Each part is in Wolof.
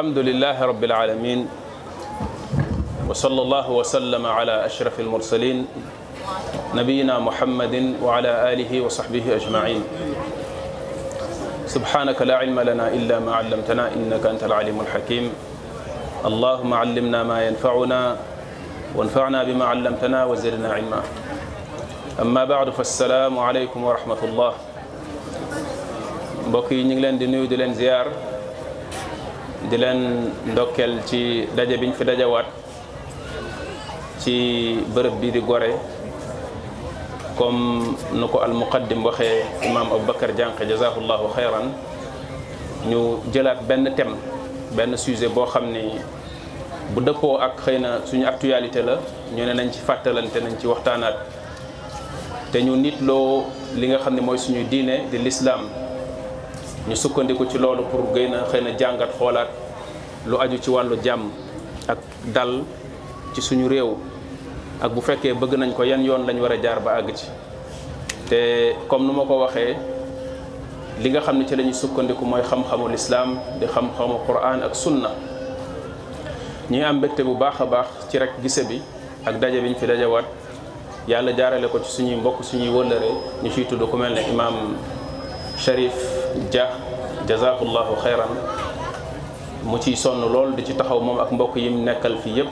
الحمد لله رب العالمين وصلى الله وسلم على أشرف المرسلين نبينا محمد وعلى آله وصحبه أجمعين سبحانك لا علم لنا إلا ما علمتنا إنك أنت العليم الحكيم اللهم علمنا ما ينفعنا وانفعنا بما علمتنا وزدنا علما أما بعد فالسلام عليكم ورحمة الله mbokk نجلن دنيو دلن زيار di leen ndokkeel ci daje biñ fi dajawaat ci bërëb bii di Gorée comme nu ko al muqaddim waxee imaam Aboubacar Diankhe jazahullahu xayran ñu jëlaat benn thème benn sujet boo xam ni bu dëppoo ak xëy na suñu actualité la ñu ne nañ ci fàttalante nañ ci waxtaanaat te ñu nit loo li nga xam ne mooy suñu diine di lislaam ñu sukkandiku ci loolu pour gën a xëy na jàngat xoolaat lu aju ci wàllu jàmm ak dal ci suñu réew ak bu fekkee bëgg nañ ko yan yoon lañu war a jaar ba àgg ci te comme nu ma ko waxee li nga xam ne ci lañuy sukkandiku mooy xam-xamul islaam di xam-xamu quran ak sunna ñuy am mbégte bu baax a baax ci rek gise bi ak daje bi ñu fi dajawaat yàlla jaarale ko ci suñuy mbokk suñuy wëllëre ñu ciy tudd ku mel ne imaam Cherif Dia jazakallahu xayran mu ciy sonn lool di ci taxaw moom ak mbokk yi mu nekkal fii yëpp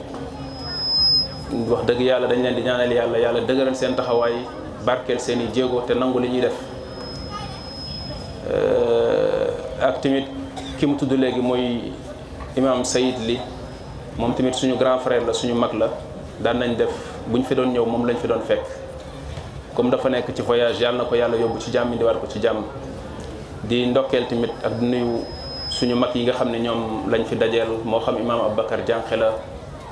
wax dëgg yàlla dañ leen di ñaanal yàlla yàlla dëgëral seen taxawaay barkeel seen i jéego te nangu li ñuy def ak tamit ki mu tudd léegi mooy imam Sayid li moom tamit suñu grand frère la suñu mag la daan nañ def buñ fi doon ñëw moom lañ fi doon fekk comme dafa nekk ci voyage yàlla na ko yàlla yóbbu ci jàmm indiwaat ko ci jàmm di ndokkeel tamit ak nuyu suñu mag yi nga xam ne ñoom lañ fi dajeel moo xam imaam bakar Diankhe la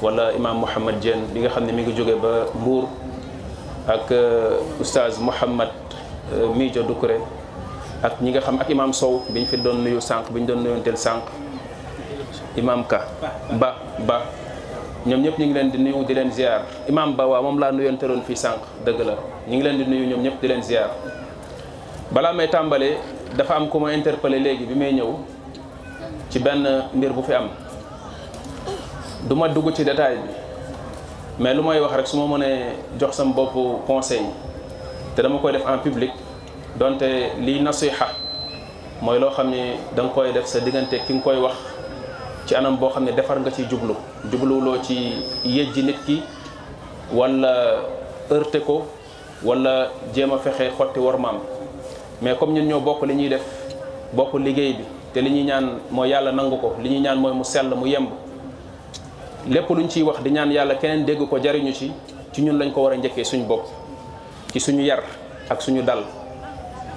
wala imaam Mouhamad Dieng bi nga xam ne mi ngi jóge ba Mbour ak euh, oustaz Mouhamad euh, Midio Doucouré ak ñi nga xam ak imaam Sow biñ fi doon nuyu sànq biñ doon nuyoonteel sànq imaam Ka Ba Ba ñoom ñëpp ñu ngi leen di nuyu di leen ziar imaam Ba waaw moom laa nuyoonteel woon fii sànq dëgg la ñu ngi leen di nuyu ñoom ñëpp di leen ziar balaa may tàmbalee. dafa am ku ma interpellé léegi bi may ñëw ci benn mbir bu fi am duma dugg ci détail bi mais lu may wax rek su ma mënee jox sam bopp conseil te dama koy def en public donte lii nasiha mooy loo xam ni da nga koy def sa diggante ki nga koy wax ci anam boo xam ne defar nga ci jublu loo ci yëjji nit ki wala heurté ko wala jéem a fexe xotti war maam mais comme ñun ñoo bokk li ñuy def bokk liggéey bi te li ñuy ñaan mooy yàlla nangu ko li ñuy ñaan mooy mu sell mu yemb lépp luñ ciy wax di ñaan yàlla keneen dégg ko jariñu ci ci ñun lañ ko war a njëkkee suñu bopp ci suñu yar ak suñu dal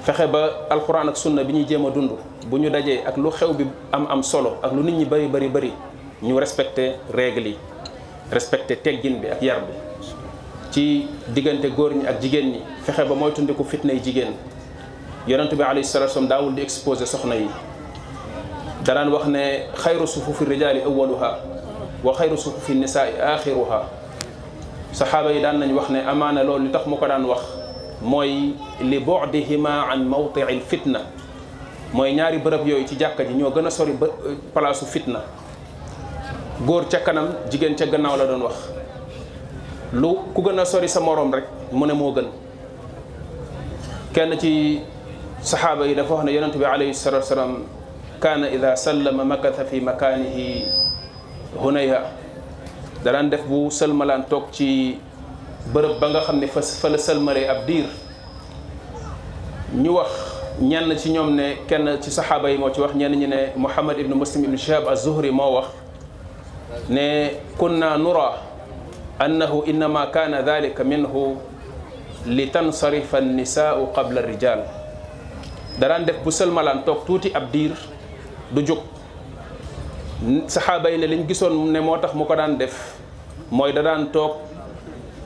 fexe ba alxuraan ak sunna bi ñuy jéem a dund bu ñu dajee ak lu xew bi am am solo ak lu nit ñi bari bari bari ñu respecté règle yi respecté teggin bi ak yar bi ci diggante góor ñi ak jigéen ñi fexe ba mooy tundiku fitnay jigéen yonent bi alayhi salaatu salaam daawul di exposé soxna yi danaan wax ne xayru sufufi rijaali awaluha wa xayru sufufi nisaai axiruha saxaaba yi daan nañ wax ne amaana loolu li tax mu ko daan wax mooy li bu'dihima an mawti'il fitna mooy ñaari bërëb yooyu ci jàkka ji ñoo gën a sori palaasu fitna góor ca kanam jigéen ca gannaaw la doon wax lu ku gën a sori sa moroom rek mu ne moo gën kenn ci صحابة إلى فهنا ينتبه عليه الصلاة والسلام كان إذا سلم مكث في مكانه هنا يا دلان دف بو سلم لان توكتي برب بانغا خمني فل سلم ري أبدير نيوخ نيان نتي نيوم ني كان تي صحابة يموتي وخ نيان ني محمد بن مسلم بن شهاب الزهري موخ ني كنا نرى أنه إنما كان ذلك منه لتنصرف النساء قبل الرجال daraan def bu sëlmalaan toog tuuti ab diir du jóg saxaaba yi ne liñ gisoon ne moo tax mu ko daan def mooy da daan toog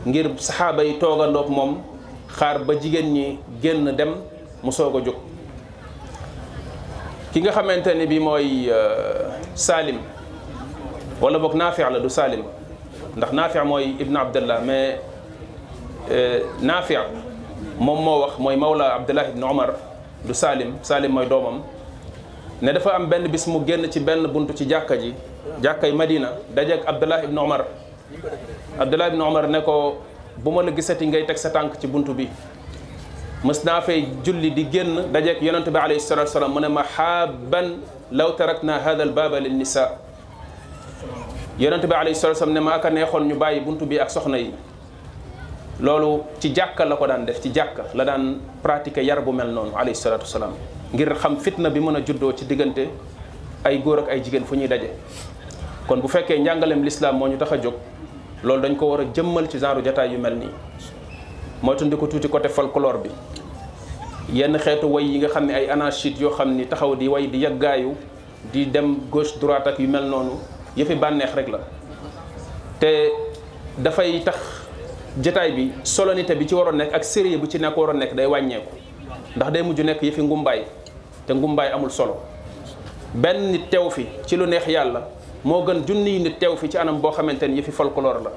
ngir saxaaba yi toogandook moom xaar ba jigéen ñi génn dem mu soog a jóg ki nga xamante ni bi mooy euh, Salim walla boog Naafi la du Salim ndax Naafi mooy Ibn Abdallah mais euh, Naafi moom moo wax mooy Mawla Abdallah Ibn Omar du Salim Salim moy domam ne dafa am ben bis mu génn ci ben buntu ci jàkka ji jàkkay Madina dajeeg Abdullah ibn umar Abdullah ibn umar ne ko buma la gisseti ngay tek sa tànk ci buntu bi musna fay julli di génn dajeeg yonente bi alayhi salatu salaam mun ma xaaban law tarakna hadha al lin nisa yonente bi alayhi salatu salaam ne ma ka nekhon ñu bàyyi buntu bi ak soxna yi lolu ci jàkka lako dan def ci jàkka la dan pratiquer yar bu mel non alayhi salatu wasalaam ngir xam fitna bi meuna juddo ci diggante ay góor ak ay jigen fu ñuy dajje kon bu fekke njangalem l'islam moo ñu jóg lolu dañ ko wara jëmmal ci genre jotaay yu melni mo tundi ko tuti côté folklore bi yenn xeetu way yi nga xamni ay anarchiste yo xamni taxaw di way di yàggaayu di dem gauche droite ak yu mel nonu yëfi banex rek la te fay tax jataay bi solonité bi ci waroon nekk ak sérieux bu ci nekk war a nekk day wàññeeku ndax day mujj nekk yëfi ngumbaay te ngumbaay amul solo benn nit teew fi ci lu neex yàlla moo gën junniy nit teew fi ci anam boo xamante ni yëfi folklore la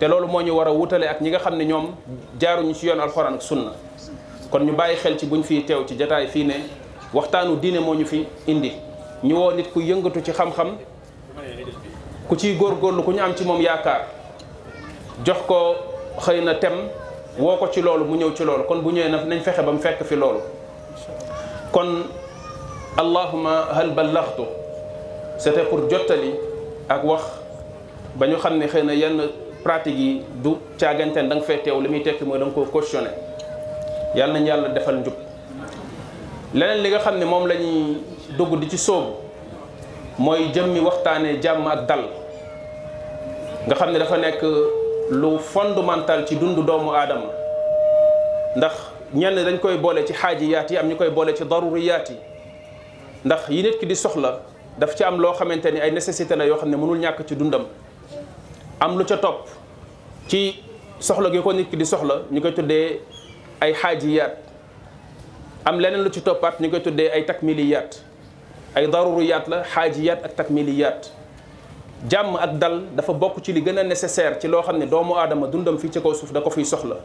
te loolu moo ñu war a wutale ak ñi nga xam ne ñoom jaaruñu ci yoon alxuraan ak sunna kon ñu bàyyi xel ci buñ fii teew ci jotaay fii ne waxtaanu diine moo ñu fi indi ñu woo nit ku yëngatu ci xam-xam ku ciy góorgóorlu ku ñu am ci moom yaakaar jox ko xëy na tem woo ko ci loolu mu ñëw ci loolu kon bu ñëwee nañ fexe ba mu fekk fi loolu kon allahuma hal ballaxtu c'était pour jottali ak wax ba ñu xam ne xëy na yenn pratique yi du caaganteen da nga fay teew li muy tekki mooy danga nga koo cautionné yàlla nañ yàlla defal njub leneen li nga xam ne moom la dugg di ci sóobu mooy jëmmi waxtaanee jàmm ak dal nga xam ne dafa nekk lu fondamental ci dundu doomu aadama ndax ñenn dañ koy boole ci xaajiyaat yi am ñu koy boole ci daruriyaat yi ndax yi nit ki di soxla daf ci am loo xamante ni ay nécessité la yoo xam ne mënul ñàkk ci dundam am lu ca topp ci soxla gi ko nit ki di soxla ñu koy tuddee ay xaajiyaat am leneen lu ci toppaat ñu koy tuddee ay takmiliyaat ay daruriyaat la xaajiyaat ak takmiliyaat jam ak dal dafa bok ci li gëna nécessaire ci lo xamne doomu adama dundam fi ci kaw suuf da ko fi soxla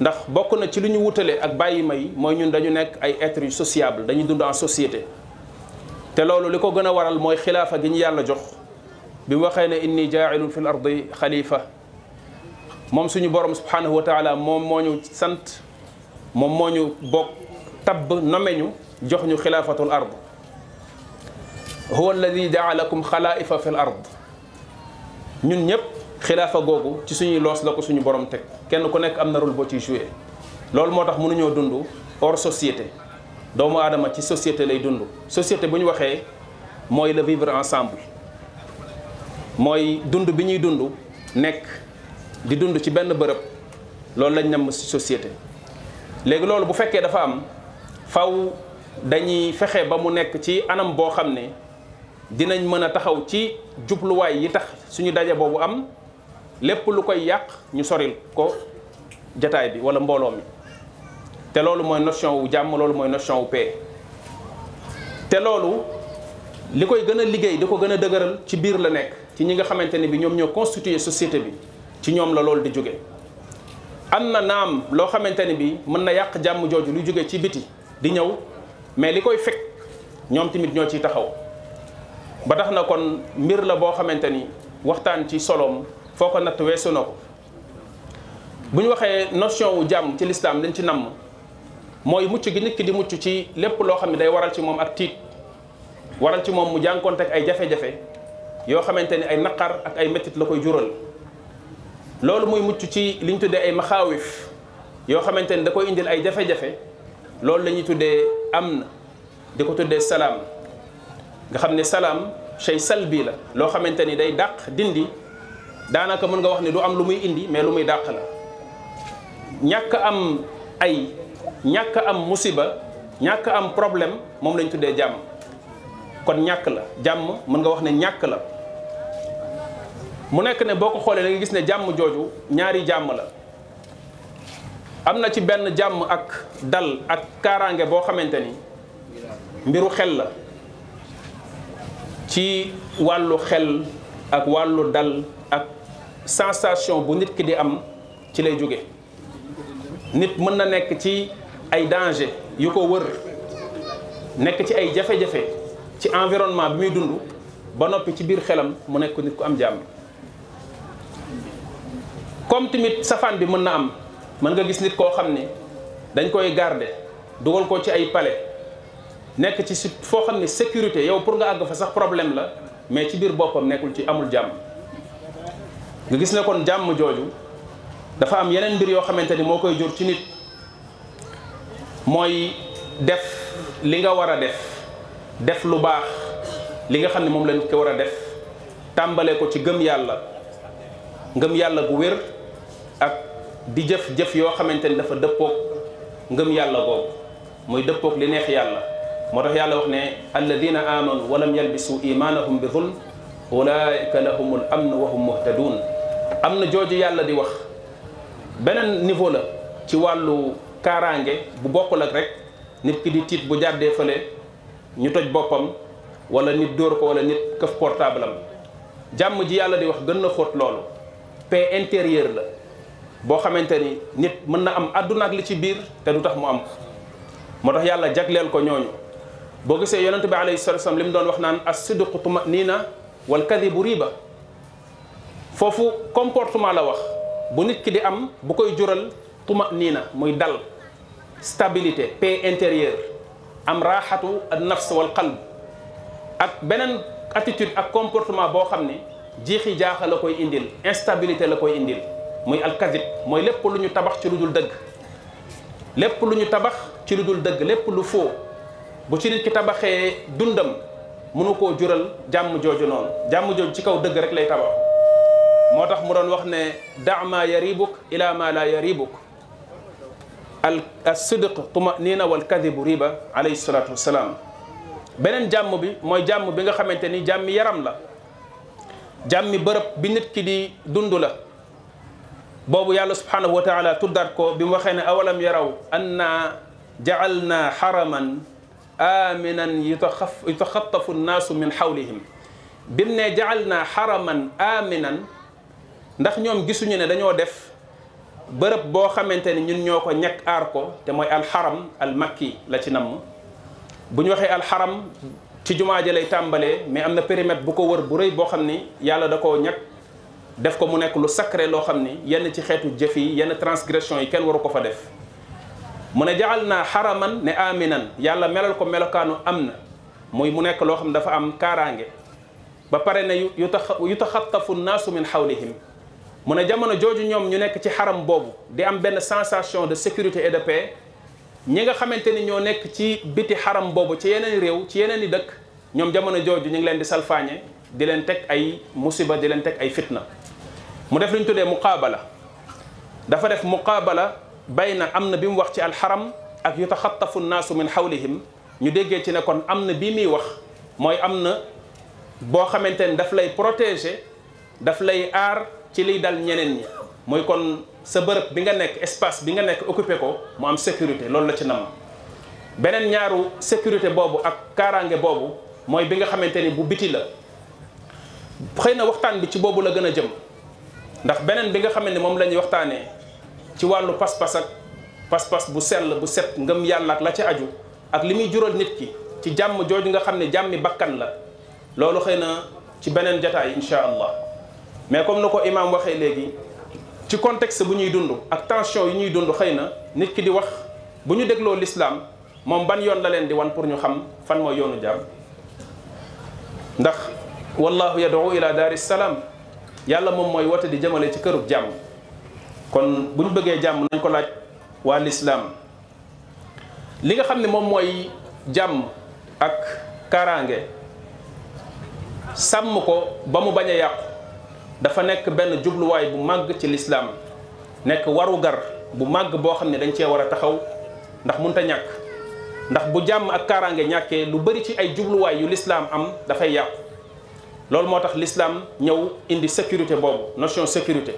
ndax bok na ci luñu wutale ak bàyyi may moy ñun dañu nekk ay être sociable dañu dund en société te loolu liko gëna waral moy khilafa gi ñu yàlla jox bi waxé ne inni ja'ilun fil ardi khalifa mom suñu borom subhanahu wa taala mom moñu sante mom moñu bok tab bokk nome ñu jox ñu khilafatul ard هو الذي دعا لكم خلائف في الارض نحن نيب خلافه غوغو تي سوني لوس لاكو سوني بوروم تك كين كو نيك امنا رول بوتي جوي لول موتاخ مونو نيو دوندو اور سوسيتي دومو ادمه تي سوسيتي لاي دوندو سوسيتي بوني واخه موي لا انسامبل موي دوندو بي دوندو نيك دي دوندو تي بن بروب لول لا نيم سي سوسيتي ليك لول بو فكه فاو dañuy fexé ba mu nekk ci anam boo dinañ mën a taxaw ci jubluwaay yi tax suñu daje boobu am lépp lu koy yàq ñu soril ko jataay bi wala mbooloo mi te loolu mooy notion wu jàmm loolu mooy notion wu paix te loolu li koy gën a liggéey di ko gën a dëgëral ci biir la nekk ci ñi nga xamante ne bi ñoom ñoo constituer société bi ci ñoom la loolu di jóge am na naam loo xamante ne bi mën na yàq jàmm jooju lu jóge ci biti di ñëw mais li koy fekk ñoom tamit ñoo ciy taxaw ba tax na kon mbir la boo xamante ni waxtaan ci soloom foo ko natt weesu na ko bu ñu waxee notion wu jàmm ci lislaam dañ ci namm mooy mucc gi nit ki di mucc ci lépp loo xam ne day waral ci moom ak tiit waral ci moom mu jànkoonte ak ay jafe yoo xamante ni ay naqar ak ay métit la koy jural loolu muy mucc ci li tuddee ay maxaawif yoo xamante ni da indil ay jafe-jafe loolu la ñuy tuddee am na di ko tuddee salaam nga xam salam shay salbi la Lo xamanteni day dak dindi danaka mën nga wax ni du am lu muy indi mais lu muy dak la am ay nyaka am musiba ñàkk am problème mom lañ tuddé jam kon ñak la jam mën nga wax ne ñak la mu nek ne boko xolé la nga gis ne jam joju ñaari jam la amna ci ben jam ak dal ak karange bo xamanteni mbiru xel la ci wàllu xel ak wàllu dal ak sensation bu nit ki di am ci lay jóge nit mën na nekk ci ay danger yu ko wër nekk ci ay jafe-jafe ci environnement bi muy dund ba noppi ci biir xelam mu nekk nit ku am jàmm comme tamit safaan bi mën na am mën nga gis nit koo xam ne dañ koy garde dugal ko ci ay pale nekk ci su foo xam ne sécurité yow pour nga àgg fa sax problème la mais ci biir boppam nekkul ci amul jàmm nga gis ne kon jàmm jooju dafa am yeneen mbir yoo xamante ni moo koy jur ci nit mooy def li nga war a def def lu baax li nga xam ne moom la ko war a def tàmbalee ko ci gëm yàlla ngëm yàlla bu wér ak di jëf jëf yoo xamante ni dafa dëppook ngëm yàlla boobu mooy dëppoog li neex yàlla مره يالا وخني الذين امنوا ولم يلبسوا ايمانهم بظلم اولئك لهم الامن وهم مهتدون امن جوجي يالا دي وخ بنن نيفو لا تي والو كارانجي بو بوكو لك نيت كي دي تيت بو جاردي فلي ني توج بوبام ولا نيت دور كو ولا نيت كف بورتابلام جام جي يالا دي وخ گن خوت لولو بي انتيرير لا بو خامتاني نيت من ام ادونا لي تي بير تا دوتاخ مو ام motax yalla jaglel ko ñooñu bo gisé yonent bi alayhi salatu wasallam lim doon wax nan as sidqu tumanina wal kadibu riba fofu comportement la wax bu nit ki di am bu koy jural tumanina moy dal stabilité paix intérieure am rahatu an nafs wal qalb ak benen attitude ak comportement bo xam ni jiixi jaaxa la koy indil instabilité la koy indil moy al kadhib moy lépp luñu tabax ci lu deug lépp luñu tabax ci lu deug lépp lu faux bu ci nit ki dundam mënu jural jàmm joju non jàmm joju ci kaw deug rek lay tabax motax mu don wax ne da'ma yaribuk ila ma la yaribuk al sidq tumanina wal kadhib riba alayhi salatu wassalam benen jàmm bi moy jàmm bi nga xamanteni jamm jàmmi yaram la jàmmi beurep bi nit ki di dund la yàlla subhanahu wa taala tuddaat ko bimu waxe ne awalam yaraw anna jaalna haraman آمنا يتخف يتخطف الناس من حولهم bi mu ne jacal naa xaraman aminan ndax ñoom gisuñu ne dañoo def bërëb boo xamante ni ñun ñoo ko ñekk aar ko te mooy alxaram almakki la ci namm bu ñu waxee alxaram ci jumaa ji lay tàmbalee mais am na périmètre bu ko wër bu rëy boo xam ni yàlla da koo ñekk def ko mu nekk lu sacré loo xam ni yenn ci xeetu jëf yi yenn transgression yi kenn waru ko fa def mu ne jaxal naa xaraman ne aminan yàlla melal ko melokaanu am na muy mu nekk loo xam ne dafa am kaaraange ba pare ne yu tax yu taxattafu naasu min xawlihim mu ne jamono jooju ñoom ñu nekk ci xaram boobu di am benn sensation de sécurité et de paix ñi nga xamante ni ñoo nekk ci biti xaram boobu ci yeneen réew ci yeneen i dëkk ñoom jamono jooju ñu ngi leen di salfaañe di leen teg ay musiba di leen teg ay fitna mu def lu ñu tuddee muqaabala dafa def muqaabala bay na am na bi mu wax ci alxaram ak yu taxattafu naasu min xawlihim ñu déggee ci ne kon am na bii muy wax mooy am na boo xamante ni daf lay protéger daf lay aar ci liy dal ñeneen ñi muy kon sa bërëb bi nga nekk espace bi nga nekk occupé ko mu am sécurité loolu la ci nam beneen ñaaru sécurité boobu ak kaaraange boobu mooy bi nga xamante ni bu biti la xëy na waxtaan bi ci boobu la gën a jëm ndax beneen bi nga xamante ni moom la ñuy waxtaanee ci wàllu pas-pas ak pas-pas bu sell bu set ngëm yàlla ak la ci aju ak li muy jural nit ki ci jàmm jooju nga xam ne jàmmi bàkkan la loolu xëy na ci beneen jataay insha allah mais comme nu ko imaam waxee léegi ci contexte bu ñuy dund ak tension yi ñuy dund xëy na nit ki di wax bu ñu dégloo lislaam moom ban yoon la leen di wan pour ñu xam fan mooy yoonu jàmm ndax wallahu yad'u ila daari salaam yàlla moom mooy woote di jëmale ci kërub jàmm kon bu ñu bëggee jàmm nañ ko laaj waa lislaam li nga xam ne moom mooy jàmm ak kaaraange sàmm ko ba mu bañ a yàqu dafa nekk benn jubluwaay bu màgg ci lislaam nekk warugar bu màgg boo xam ne dañ cee war a taxaw ndax munta ñàkk ndax bu jàmm ak kaaraange ñàkkee lu bari ci ay jubluwaay yu lislaam am dafay yàqu loolu moo tax lislaam ñëw indi sécurité boobu notion sécurité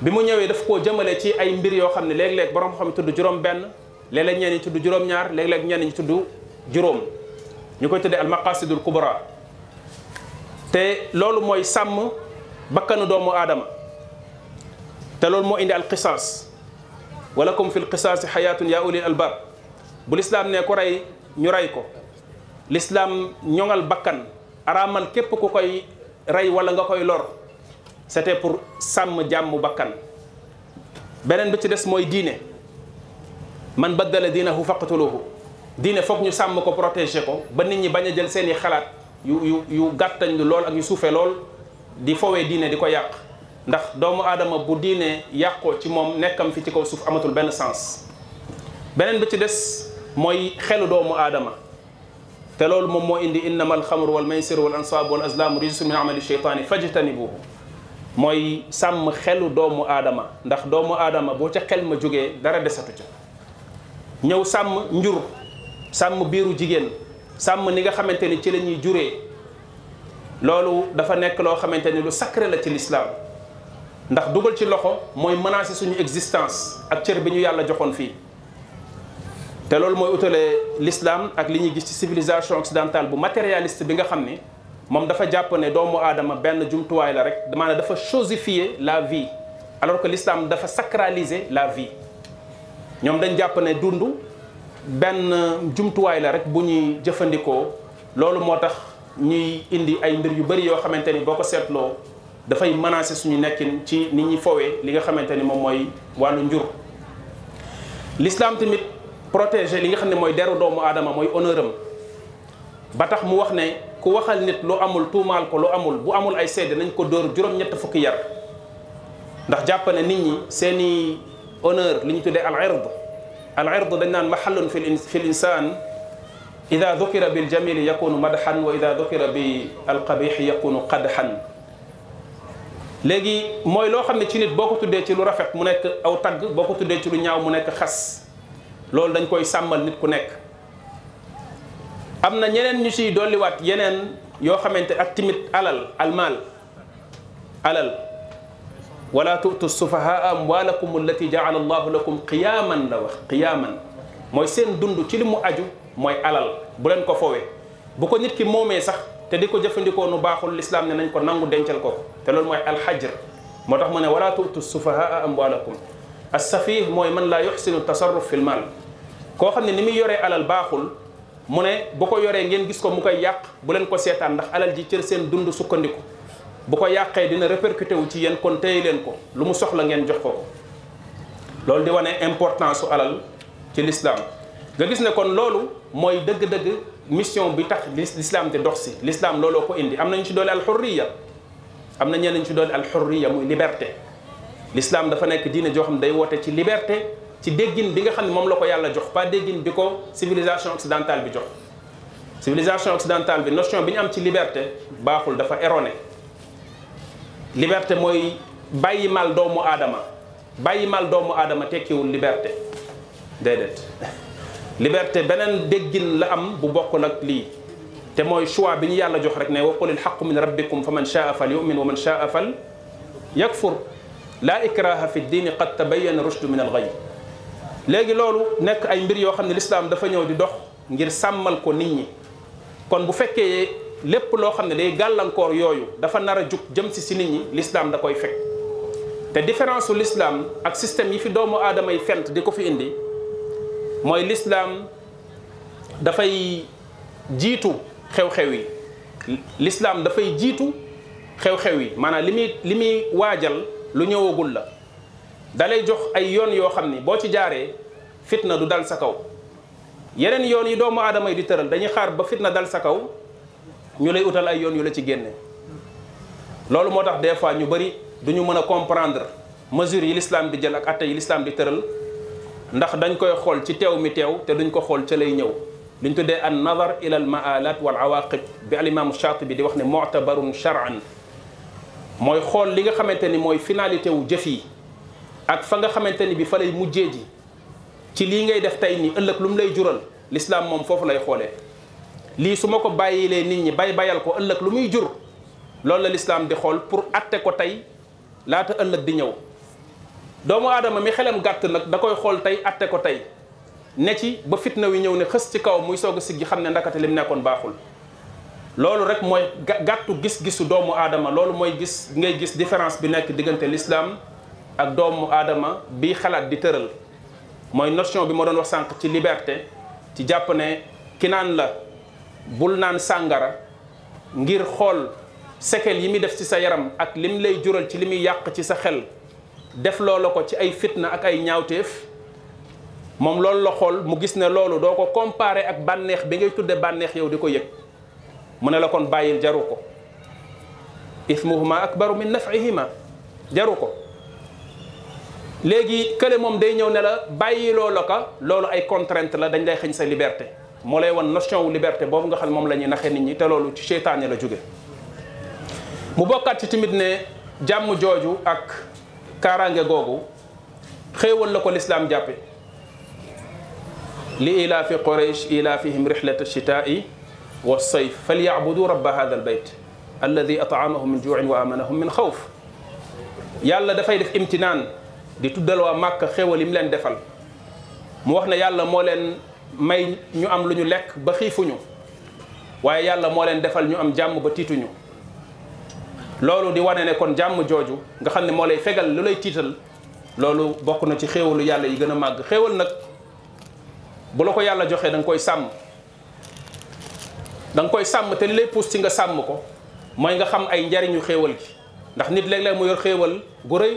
bi mu ñëwee daf koo jëmale ci ay mbir yoo xam ne léeg-léeg borom xam tudd juróom benn léeg-léeg ñenn ñi tudd juróom ñaar léeg-léeg ñenn juróom ñu koy tuddee al maqasidul kubra te loolu mooy sàmm bakkanu doomu aadama te loolu moo indi al qisaas walakum fi l qisaasi xayaatun yaa ulil bu lislaam ne ku rey ñu rey ko lislaam ñoŋal bakkan araamal képp ku koy rey wala nga koy lor c'était pour sam jam bakkan benen bi ci dess moy diine man badala diinahu faqtuluhu diine foog ñu sam ko protéger ko ba nit ñi baña jël seeni xalaat yu yu gattañ lu lool ak yu suufe lool di fowé diine diko yàq ndax doomu adama bu diine yàqoo ci mom nekkam fi ci kaw suuf amatul ben sens benen bi ci dess moy xelu doomu adama te loolu mom mo indi innamal alxamru wal maysir wal ansaabu wal azlaamu rijsun min amali ash-shaytan fajtanibuhu mooy sàmm xelu doomu aadama ndax doomu aadama boo ca xel ma jógee dara desatu ca ñëw sàmm njur sàmm biiru jigéen sàmm ni nga xamante ni ci la ñuy juree loolu dafa nekk loo xamante ni lu sacré la ci lislaam ndax dugal ci loxo mooy menacer suñu existence ak cër bi ñu yàlla joxoon fii te loolu mooy utale lislaam ak li ñuy gis ci civilisation occidentale bu matérialiste bi nga xam ni moom dafa jàpp ne doomu aadama benn jumtuwaay la rek maanaam dafa chosifier la vie alors que l'islam dafa sacraliser la vie ñoom dañ jàpp ne dund benn jumtuwaay la rek bu ñuy jëfandikoo loolu moo tax ñuy indi ay mbir yu bëri yoo xamante ni boo ko seetloo dafay menacer suñu nekkin ci ni ñuy foowee li nga xamante ni moom mooy wàllu njur l'islam tamit protéger li nga xam ne mooy deru doomu aadama mooy honneur am ba tax mu wax ne ku waxal nit lu amul tuumaal ko lu amul bu amul ay seede nañ ko dóor juróom-ñett fukki yar ndax jàpp ne nit ñi seeni honneur li ñu tuddee al ird al ird dañ naan mahallun fi l insaan ida dukira bil jamili yakunu madhan wa ida dukira bi al qabixi yakunu qadhan léegi mooy loo xam ne ci nit boo ko tuddee ci lu rafet mu nekk aw tagg boo ko tuddee ci lu ñaaw mu nekk xas loolu dañ koy sàmmal nit ku nekk am na ñeneen ñu siy dolliwaat yeneen yoo xamante ak timit alal almal alal wala tuutu sufahaa amwaalakum allati jaala allahu lakum qiyaaman la wax qiyaaman seen dund ci li aju moy alal bu leen ko fowe bu ko nit ki moomee sax te di ko jëfandikoo nu baaxul lislaam ne nañ ko nangu dencal ko te loolu mooy alxajr moo tax mu wala tuutu sufahaa amwaalakum as safih mooy man laa yuxsinu tasarruf fi lmaal koo xam ne ni alal baaxul mu ne bu ko yoree ngeen gis ko mu koy yàq bu leen ko seetaan ndax alal ji cër seen dund sukkandiku bu ko yàqee dina répercuté wu ci yéen kon téye leen ko lu mu soxla ngeen jox ko ko loolu di wane importance su alal ci l'islam nga gis ne kon loolu mooy dëgg-dëgg mission bi tax l'islam di dox si l'islam looloo ko indi am nañu ci doole alxurriya am na ñeneen ci doole alxurriya muy liberté l'islam dafa nekk diine joo xam ne day woote ci liberté ci déggin bi nga xamni mom la ko yàlla jox pas déggin biko civilisation occidentale bi jox civilisation occidentale bi notion biñ am ci liberté baxul dafa erroné liberté moy bàyyi mal doomu adama bàyyi mal doomu adama tekkiwul liberté dedet liberté benen déggin la am bu bokk nak li te moy choix biñu yàlla jox rek ne wa qulil haqqu min rabbikum faman shaa falyu'min waman shaa fal yakfur laa ikraha fi ddiini qad tabayana rushdu min al ghayy léegi loolu nekk ay mbir yoo xam ne lislaam dafa ñëw di dox ngir sàmmal ko nit ñi kon bu fekkee lépp loo xam ne day gàllankoor yooyu dafa nar a jug jëm si si nit ñi lislaam da koy fekk te différence su lislaam ak système yi fi doomu aadama yi fent di ko fi indi mooy lislaam dafay jiitu xew-xew yi lislaam dafay jiitu xew-xew yi maanaa li muy li muy waajal lu ñëwagul la dalay jox ay yoon yoo xam ni boo ci jaaree fitna du dal sa kaw yeneen yoon yi doomu aadama yi di tëral dañuy xaar ba fitna dal sa kaw ñu lay utal ay yoon yu la ci génne loolu moo tax des fois ñu bëri du ñu mën a comprendre mesures yi l'islam di jël ak atte yi l'islam di tëral ndax dañ koy xool ci teew mi teew te duñ ko xool ci lay ñëw liñ tuddee an nazar ila al maalat wal awaqib bi al imam bi di wax ne mu'tabarun shar'an mooy xool li nga xamante ni mooy finalité wu jëf yi ak fa nga xamanteni bi fa lay mujjé ji ci li ngay def tay ni ëlëk lu mu lay jural l'islam mom fofu lay xolé li suma ko bayilé nit ñi bay bayal ko ëlëk lu muy jur loolu la l'islam di xol pour atte ko tey laata ëlëk di ñëw doomu aadama mi xelam gàtt nak da koy xol tay atte ko tay ne ci ba fitna wi ñëw ne xëss ci kaw muy soog sigi xamne xam ndakate lim nekkon baaxul loolu rek mooy gàttu gis-gisu doomu aadama loolu mooy gis ngay gis différence bi nekk diggante l'islam ak doomu aadama bi xalaat di tëral mooy notion bi ma doon wax sànq ci liberté ci jàpp ne ki naan la bul naan sàngara ngir xool séquelles yi muy def ci sa yaram ak lim lay jural ci li muy yàq ci sa xel def loola ko ci ay fitna ak ay ñaawteef moom loolu la xool mu gis ne loolu doo ko comparé ak bànneex bi ngay tudde bànneex yow di ko yëg mu ne la kon bàyyil jaru ko ismuhuma akbaru min nafihima jaru ko légui kële mom day ñëw ne la bàyyi lolo ka lolo ay contrainte la dañ lay xëñ sa liberté mo lay won notion wu liberté boobu nga xal mom la naxé nit ñi te loolu ci seytaane la juggé mu bokkat ci timit ne jàmm joju ak karangé gogou xéewal lako l'islam jàppe li ila fi quraish ila fihim rihlat ash chitaai was sayf falyabudu rabb hadha al-bayt alladhi at'amahum min ju'in wa amanahum min khawf yàlla da fay def imtinan di tuddal waa màkk xéewal yi mu leen defal mu wax ne yàlla moo leen may ñu am lu ñu lekk ba xiifuñu waaye yàlla moo leen defal ñu am jàmm ba tiituñu loolu di wane ne kon jàmm jooju nga xam ne moo lay fegal lu lay tiital loolu bokk na ci xéewalu yàlla yi gën a màgg xéewal nag bu la ko yàlla joxee da koy sàmm da koy sàmm te li lay pousse ci nga sàmm ko mooy nga xam ay njariñu xéewal gi ndax nit léeg-léeg mu yor xéewal gu rëy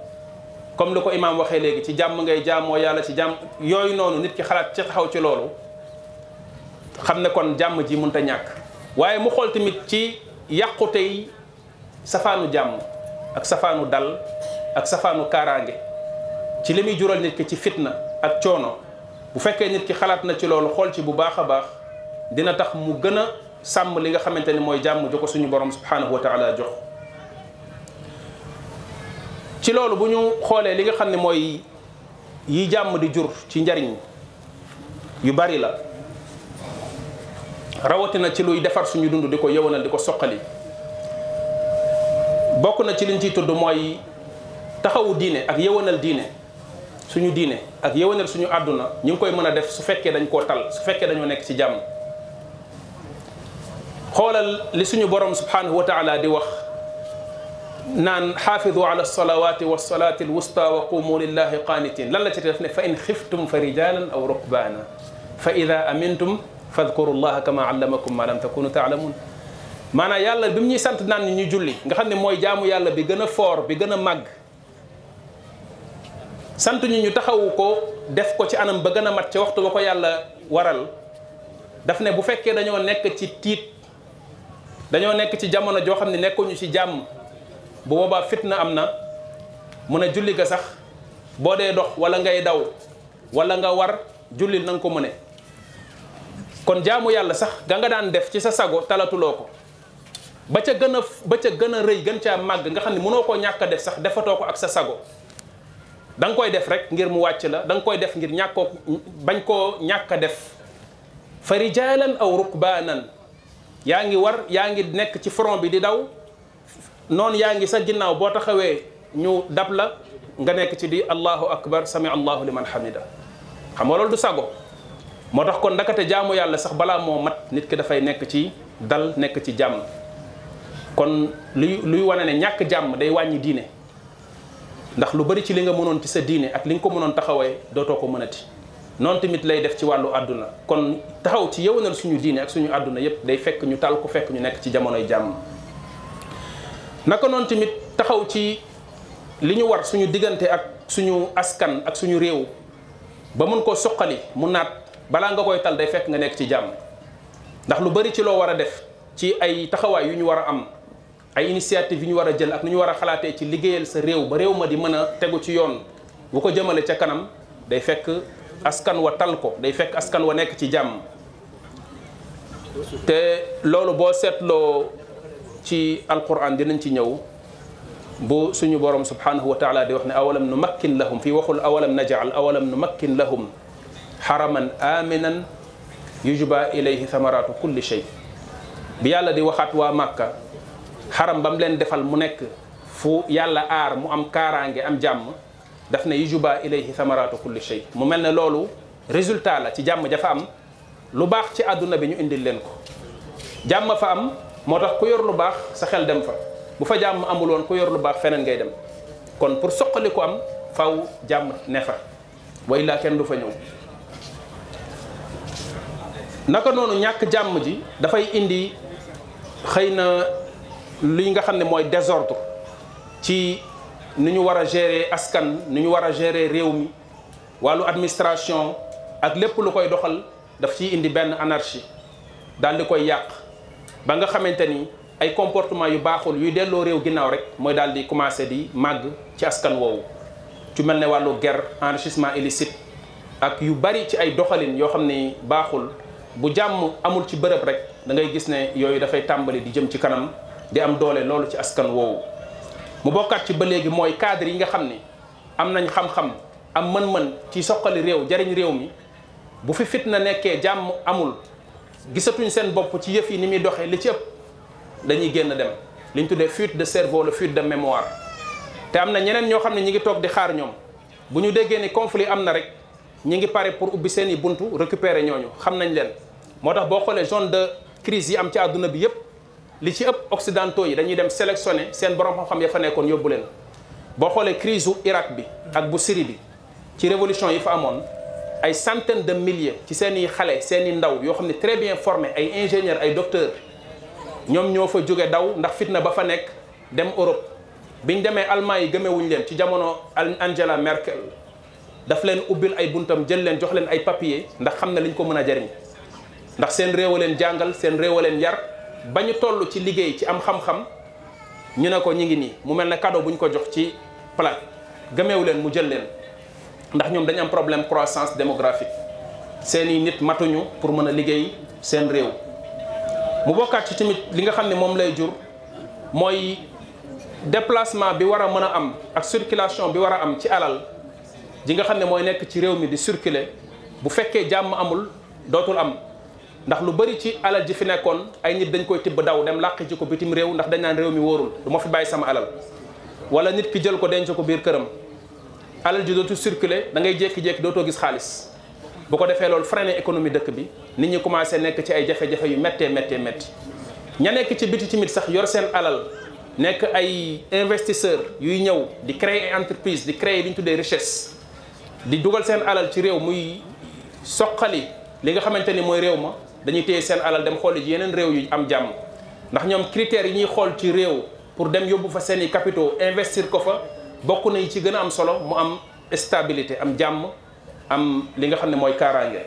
comme lu ko imaam waxee léegi ci jàmm ngay jàmmoo yàlla ci jàmm yooyu noonu nit ki xalaat ci taxaw ci loolu xam ne kon jàmm ji mun mënta ñàkk waaye mu xool tamit ci yàqute yi safaanu jàmm ak safaanu dal ak safaanu kaaraange ci li muy jural nit ki ci fitna ak coono bu fekkee nit ki xalaat na ci loolu xool ci bu baax a baax dina tax mu gën a sàmm li nga xamante ni mooy jàmm jo suñu borom subhanahu wa taala jox ci loolu bu ñu xoolee li nga xam ne mooy yi jàmm di jur ci njariñ yu bari la rawatina ci luy defar suñu dund di ko yëwanal di ko soqali bokk na ci liñ ciy tudd mooy taxawu diine ak yëwanal diine suñu diine ak yëwanal suñu àdduna ñu ngi koy mën a def su fekkee dañ koo tal su fekkee dañoo nekk ci jàmm xoolal li suñu borom subhanahu wa di wax naan xaafidu ala salawaati wa salaati alwusta wa qumu lillahi qaanitin lan la ci def ne fa in xiftum fa rijalan aw rukbaana fa ida amintum fadkuru llaha kama allamakum ma lam takunu taalamun maanaam yàlla bi mu ñuy sant naan ñu ñu julli nga xam ne mooy jaamu yàlla bi gën a foor bi gën a màgg sant ñu ñu taxawu ko def ko ci anam ba gën a mat ci waxtu ba ko yàlla waral daf ne bu fekkee dañoo nekk ci tiit dañoo nekk ci jamono joo xam ne nekkuñu ci jàmm bu boobaa fitna am na mu ne julli ga sax boo dee dox wala ngay daw wala nga war jullil na ko mu ne kon jaamu yàlla sax ga nga daan def ci sa sago talatuloo ko ba ca gën a ba ca gën a rëy gën caa màgg nga xam ne mënoo koo ñàkk a def sax defatoo ko ak sa sago danga koy def rek ngir mu wàcc la danga koy def ngir ñàkk koo bañ koo ñàkk a def fa rijaalan aw rukbaanan yaa ngi war yaa ngi nekk ci front bi di daw noonu yaa ngi sax ginnaaw boo taxawee ñu dab la nga nekk ci di allahu akbar sami allahu liman hamida xam nga loolu du sago moo tax kon ndakate jaamu yàlla sax balaa moo mat nit ki dafay nekk ci dal nekk ci jàmm kon luy luy wane ne ñàkk jàmm day wàññi diine ndax lu bari ci li nga mënoon ci sa diine ak li nga ko mënoon taxawee dootoo ko mënati noon tamit lay def ci wàllu àdduna kon taxaw ci yëwanal suñu diine ak suñu àdduna yépp day fekk ñu tal ku fekk ñu nekk ci jamonoy jàmm naka noonu tamit taxaw ci li ñu war suñu diggante ak suñu askan ak suñu réew ba mën koo suqali mu naat balaa nga koy tal day fekk nga nekk ci jàmm ndax lu bari ci loo war a def ci ay taxawaay yu ñu war a am ay initiative yu ñu war a jël ak nu ñu war a xalaatee ci liggéeyal sa réew ba réew ma di mën a tegu ci yoon bu ko jëmale ca kanam day fekk askan wa tal ko day fekk askan wa nekk ci jàmm te loolu boo seetloo ci alquran dinañ ci ñëw bu suñu borom subhanahu wa taala di wax ne awalam numakkin lahum fi waxul awalam najal awalam numakkin lahum haraman aminan yujba ilayhi thamaratu kulli shay bi yàlla di waxat wa màkka haram bam len defal mu nek fu yàlla ar mu am karange am jam daf ne yujba ilayhi thamaratu kulli shay mu melne lolu résultat la ci jàmm jafa am lu bax ci aduna bi ñu indil len ko jam fa am moo tax ku yor lu baax sa xel dem fa bu fa jàmm amul woon ku yor lu baax feneen ngay dem kon pour soqali ko am faw jàmm ne fa way laa kenn du fa ñëw naka noonu ñàkk jàmm ji dafay indi xëy na li nga xam ne mooy désordre ci nu ñu war a gérer askan nu ñu war a gérer réew mi wàllu administration ak lépp lu koy doxal daf ciy indi benn anarchie daal di koy yàq ba nga xamante ni ay comportement yu baaxul yuy delloo réew ginnaaw rek mooy daal di commencé di màgg ci askan woowu ci mel ne wàllu ger enrichissement illicite ak yu bari ci ay doxalin yoo xam ni baaxul bu jàmm amul ci bërëb rek da ngay gis ne yooyu dafay tàmbali di jëm ci kanam di am doole loolu ci askan woowu mu bokkaat ci ba léegi mooy cadre yi nga xam ni am nañ xam-xam am mën-mën ci soqali réew jariñ réew mi bu fi fitna nekkee jàmm amul gisatuñ seen bopp ci yëf yi ni muy doxee li ci ëpp dañuy génn dem liñ ñu tuddee fuite de cerveau la fuite de mémoire te am na ñeneen ñoo xam ne ñi ngi toog di xaar ñoom bu ñu déggee ni conflit am na rek ñi ngi pare pour ubbi seen i buntu récupérer ñooñu xam nañ leen moo tax boo xoolee zone de crise yi am ci àdduna bi yëpp li ci ëpp occidentaux yi dañuy dem sélectionner seen borom xam-xam ya fa nekkoon yóbbu leen boo xoolee crise u Irak bi ak bu Syrie bi ci révolution yi fa amoon ay centaines de millier ci seen i xale seen i ndaw yoo xam ne très bien formés ay ingénieurs ay docteurs ñoom ñoo fa jóge daw ndax fitna ba fa nekk dem Europe biñ demee Allemagne yi gëmewuñ leen ci jamono Angela Merkel daf leen ubbil ay buntam jël leen jox leen ay papier ndax xam na liñ ko mën a jariñ ndax seen réew leen jàngal seen réew leen yar ba ñu toll ci liggéey ci am xam-xam ñu ne ko ñu ngi nii mu mel ne kado bu ñu ko jox ci plat gëmeewu leen mu jël leen. ndax ñom dañ am problème croissance démographique seeni nit matuñu pour mëna a liggéey seen réew mu bokkaat ci tamit li nga xam ne lay jur moy déplacement bi wara mëna am ak circulation bi wara am ci alal ji nga xam ne mooy nekk ci réew mi di circuler bu fekkee jamm amul dootul am ndax lu bari ci alal ji fi nekkoon ay nit dañ koy tibb daw dem làq ci ko bitim réew ndax dañ naan réew mi wóorul du ma fi bàyyi sama alal wala nit ki jël ko denc ko biir këram alal ji dootu circuler da ngay jékki-jékki dootoo gis xaalis bu ko defee loolu freiné économie dëkk bi nit ñi commencé nekk ci ay jafe-jafe yu méttee méttee métti ña nekk ci biti timit sax yor seen alal nekk ay investisseur yuy ñëw di créer entreprise di créer li ñu tuddee richesse di dugal seen alal ci réew muy soqali li nga xamante ni mooy réew ma dañuy téye seen alal dem xooli ji yeneen réew yu am jàmm ndax ñoom critères yi ñuy xool ci réew pour dem yóbbu fa seen i capitaux investir ko fa bokk nañ ci gën a am solo mu am stabilité am jàmm am li nga xam ne mooy kaaraange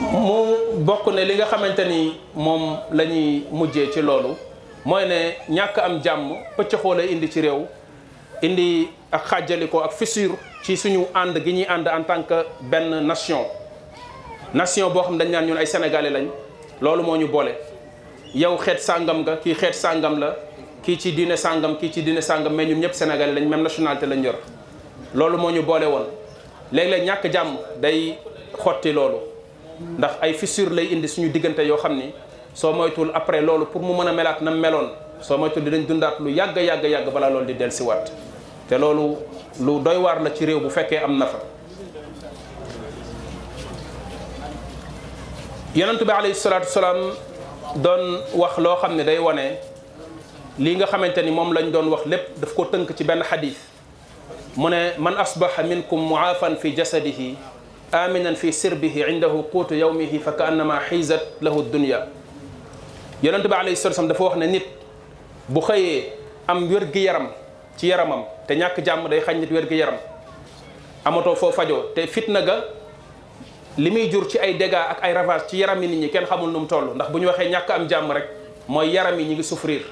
mu bokk ne li nga xamante ni moom la ñuy mujjee ci loolu mooy ne ñàkk am jàmm pëccëxoo lay indi ci réew indi ak xàjjalikoo ak fissure ci suñu ànd gi ñuy ànd en tant que benn nation nation boo xam dañ naan ñun ay sénégalais lañ loolu moo ñu boole yow xeet sàngam ga kii xeet sàngam la kii ci diine sàngam kii ci diine sàngam mais ñun ñëpp sénégalais lañ même nationalité lañ yor loolu moo ñu boole woon léegi léeg ñàkk jàmm day xotti loolu ndax ay fissure lay indi suñu diggante yoo xam ni soo moytuwul après loolu pour mu mën a melaat na meloon soo moytuwul dinañ dundaat lu yàgg yàgg yàgg balaa loolu di dellusiwaat te loolu lu doy waar la ci réew bu fekkee am na fa. yonent bi alayhi salaatu salaam don wax lo xamne day woné li nga xamanteni mom lañ don wax lépp daf ko teunk ci ben hadith muné man asbaha minkum mu'afan fi jasadihi aminan fi sirbihi indahu qut yawmihi fa ka'annama hizat lahu ad dunya yaronte bi alayhi salatu dafa wax ne nit bu xeye am wér-gi-yaram ci yaramam te ñak jàmm day xañ nit wér-gi-yaram amato fo fajo te fitna ga li muy jur ci ay dégâts ak ay ravages ci yaram yi nit ñi kenn xamul nu mu toll ndax bu ñu waxee ñàkk am jàmm rek mooy yaram yi ñu ngi souffrir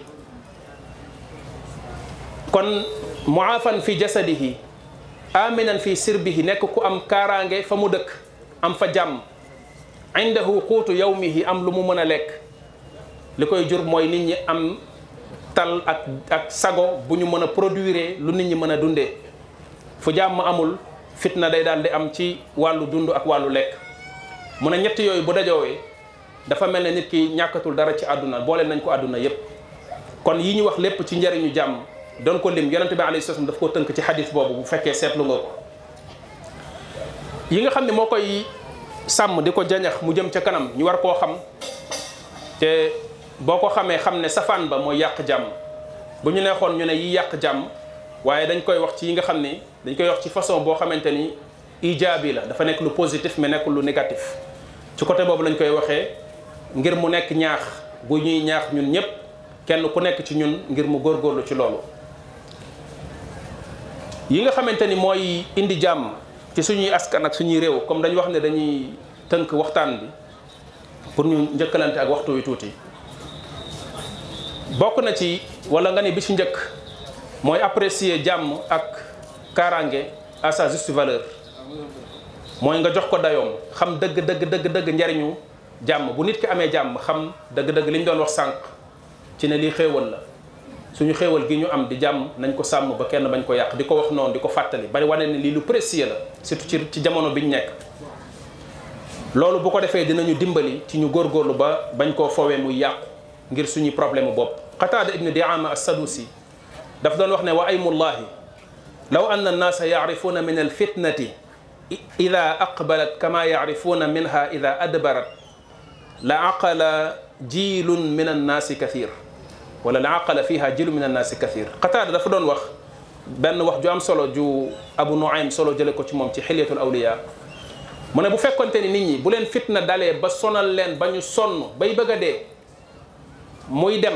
kon muafan fi jasadihi aminan fi sirbihi nekk ku am kaaraange fa mu dëkk am fa jàmm indahu quutu yawmihi am lu mu mën a lekk li koy jur mooy nit ñi am tal ak ak sago bu ñu mën a produire lu nit ñi mën a dundee fu jàmm amul fitna day daal di am ci wàllu dund ak wàllu lekk mu ne ñett yooyu bu dajoowee dafa mel ne nit ki ñàkkatul dara ci àdduna boole nañ ko àdduna yépp kon yi ñu wax lépp ci njariñu jàmm doon ko lim yonente bi alayhi salaam daf ko tënk ci xadis boobu bu fekkee seetlu nga ko yi nga xam ne moo koy sàmm di ko jañax mu jëm ca kanam ñu war koo xam te boo ko xamee xam ne safaan ba mooy yàq jàmm bu ñu neexoon ñu ne yi yàq jàmm waaye dañ koy wax ci yi nga xam ni dañ koy wax ci façon boo xamante ni ijaabi la dafa nekk lu positif mais nekkul lu négatif ci côté boobu lañ koy waxee ngir mu nekk ñaax bu ñuy ñaax ñun ñëpp kenn ku nekk ci ñun ngir mu góorgóorlu ci loolu yi nga xamante ni mooy indi jàmm ci suñuy askan ak suñuy réew comme dañu wax ne dañuy tënk waxtaan bi pour ñu njëkkalante ak waxtu wi tuuti bokk na ci wala nga ne bi ci njëkk mooy apprécier jàmm ak kaaraange à sa juste valeur mooy nga jox ko dayoom xam dëgg dëgg dëgg dëgg njariñu jàmm bu nit ki amee jàmm xam dëgg-dëgg li ñu doon wax sànq ci ne lii xéewal la suñu xéewal gi ñu am di jàmm nañ ko sàmm ba kenn bañ ko yàq di ko wax noonu di ko fàttali bari wane ne lii lu précieux la surtout ci ci jamono bi ñu nekk loolu bu ko defee dinañu dimbali ci ñu góorgóorlu ba bañ koo foowee muy yàqu ngir suñu problème bopp xataada ibnu diama as-sadusi daf doon wax ne wa aymullahi لو أن الناس يعرفون من الفتنة إذا أقبلت كما يعرفون منها إذا أدبرت لعقل جيل من الناس كثير ولا العقل فيها جيل من الناس كثير قتال دا وخ بن وخ جو ام جو ابو نعيم سولو جله كو تي حليه الاولياء من بو فيكونتي نيت ني بولين فتنه دالي با سونال لين با ني سون باي بغا دي موي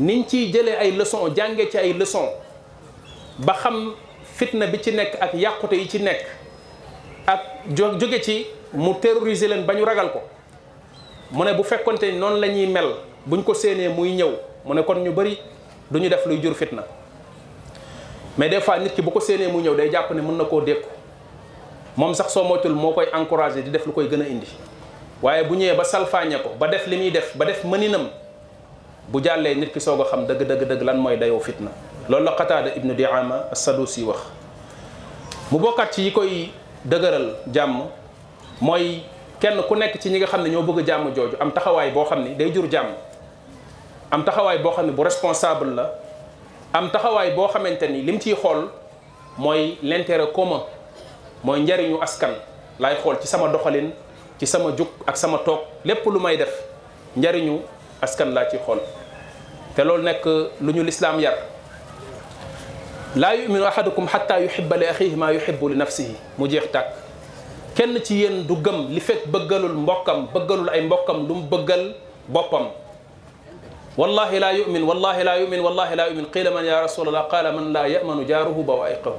اي لسون جانغي اي لسون ba xam fitna bi ci nekk ak yàqute yi ci nekk ak jo jóge ci mu terroriser leen ba ñu ragal ko mu ne bu fekkonte ni noonu la ñuy mel buñ ko séenee muy ñëw mu ne kon ñu bëri du ñu def luy jur fitna mais des fois nit ki bu ko séenee muy ñëw day jàpp ne mën na koo dékku moom sax soo moytul moo koy encouragé di def lu koy gën a indi waaye bu ñëwee ba salfaañe ko ba def li muy def ba def mëninam bu jàllee nit ki soo a xam dëgg dëgg dëgg lan mooy dayoo fitna لول لا قتاده ابن دعامه السدوسي واخ مو بوكات سي كوي دغرال جام موي كين كو نيك سي نيغا خامني ньо بوغ جام جوجو ام تخاواي بو خامني داي جور جام ام تخاواي بو خامني بو ريسبونسابل لا ام تخاواي بو خامنتاني ليم تي خول موي لانتير كومون موي نجاري اسكان لاي خول سي سما دوخالين سي سما جوك اك سما توك ليپ لو ماي ديف نجاري اسكان لا تي خول té lool nek luñu l'islam yar لا يؤمن احدكم حتى يحب لاخيه ما يحب لنفسه مجيخ تاك كين تي يين دو گم لي فك بگالول مبوكم بگالول اي مبوكم لوم بگال بوبام والله لا يؤمن والله لا يؤمن والله لا يؤمن قيل من يا رسول الله قال من لا يامن جاره بوائقه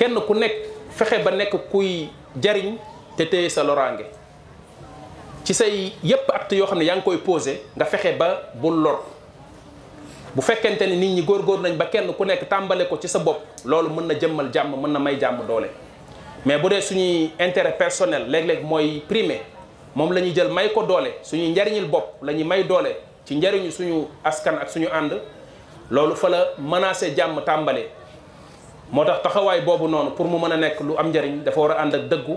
كين كو نيك فخه با نيك كوي جارين تي تي سا لورانغي تي ساي ييب اكت يو خن يانكوي بوزي نغا فخه با بول لور bu fekkente ni nit ñi góor góor nañ ba kenn ku nekk tàmbale ko ci sa bopp loolu mën na jëmmal jàmm mën na may jàmm doole mais bu dee suñuy intérêt personnel léeg-léeg mooy primé moom la ñuy jël may ko doole suñuy njariñil bopp la ñuy may doole ci njariñu suñu askan ak suñu ànd loolu fa la menacé jàmm tàmbale moo tax taxawaay boobu noonu pour mu mën a nekk lu am njariñ dafa war a ànd ak dëggu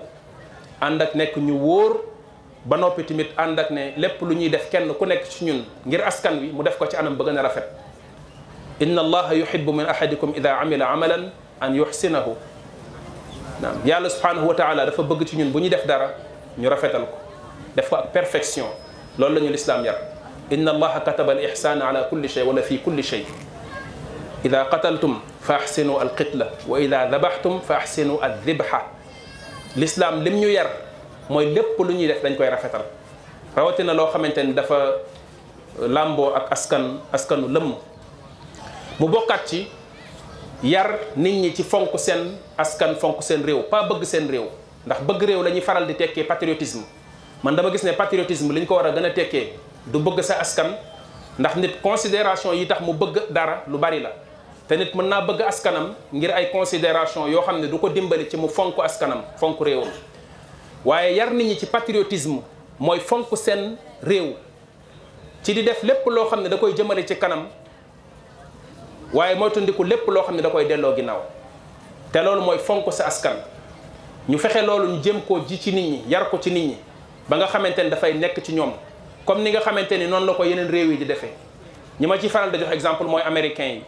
ànd ak nekk ñu wóor ba noppi tamit ànd ak ne lépp lu ñuy def kenn ku nekk ci ñun ngir askan wi mu def ko ci anam ba gën a rafet إن الله يحب من أحدكم إذا عمل عملا أن يحسنه نعم يا الله سبحانه وتعالى دفا بغ سي نون بني ديف دارا ني رافيتال كو ديف كو بيرفيكسيون لول لا الاسلام يار إن الله كتب الإحسان على كل شيء ولا في كل شيء إذا قتلتم فأحسنوا القتلة وإذا ذبحتم فأحسنوا الذبحة الإسلام لم يير موي لب لو ني ديف دنج كوي رافيتال رواتنا لو خامتاني دفا لامبو اك اسكان اسكانو لم mu bokkaat ci yar nit ñi ci fonk seen askan fonk seen réew pas bëgg seen réew ndax bëgg réew lañuy faral di tekkee patriotisme man dama gis ne patriotisme li ko war a gën a tekkee du bëgg sa askan ndax nit considération yi tax mu bëgg dara lu bari la te nit mën naa bëgg askanam ngir ay considération yoo xam ne du ko dimbali ci mu fonk askanam fonk réewam waaye yar nit ñi ci patriotisme mooy fonk seen réew ci di def lépp loo xam ne da koy jëmale ci kanam waaye moytandiku lépp loo xam ne da koy delloo ginnaaw te loolu mooy fonk sa askan ñu fexe loolu ñu jëm koo ji ci nit ñi yar ko ci nit ñi ba nga xamante ne dafay nekk ci ñoom comme ni nga xamante ne noonu la ko yeneen réew yi di defee ñu ma ci faral di jox exemple mooy américain yi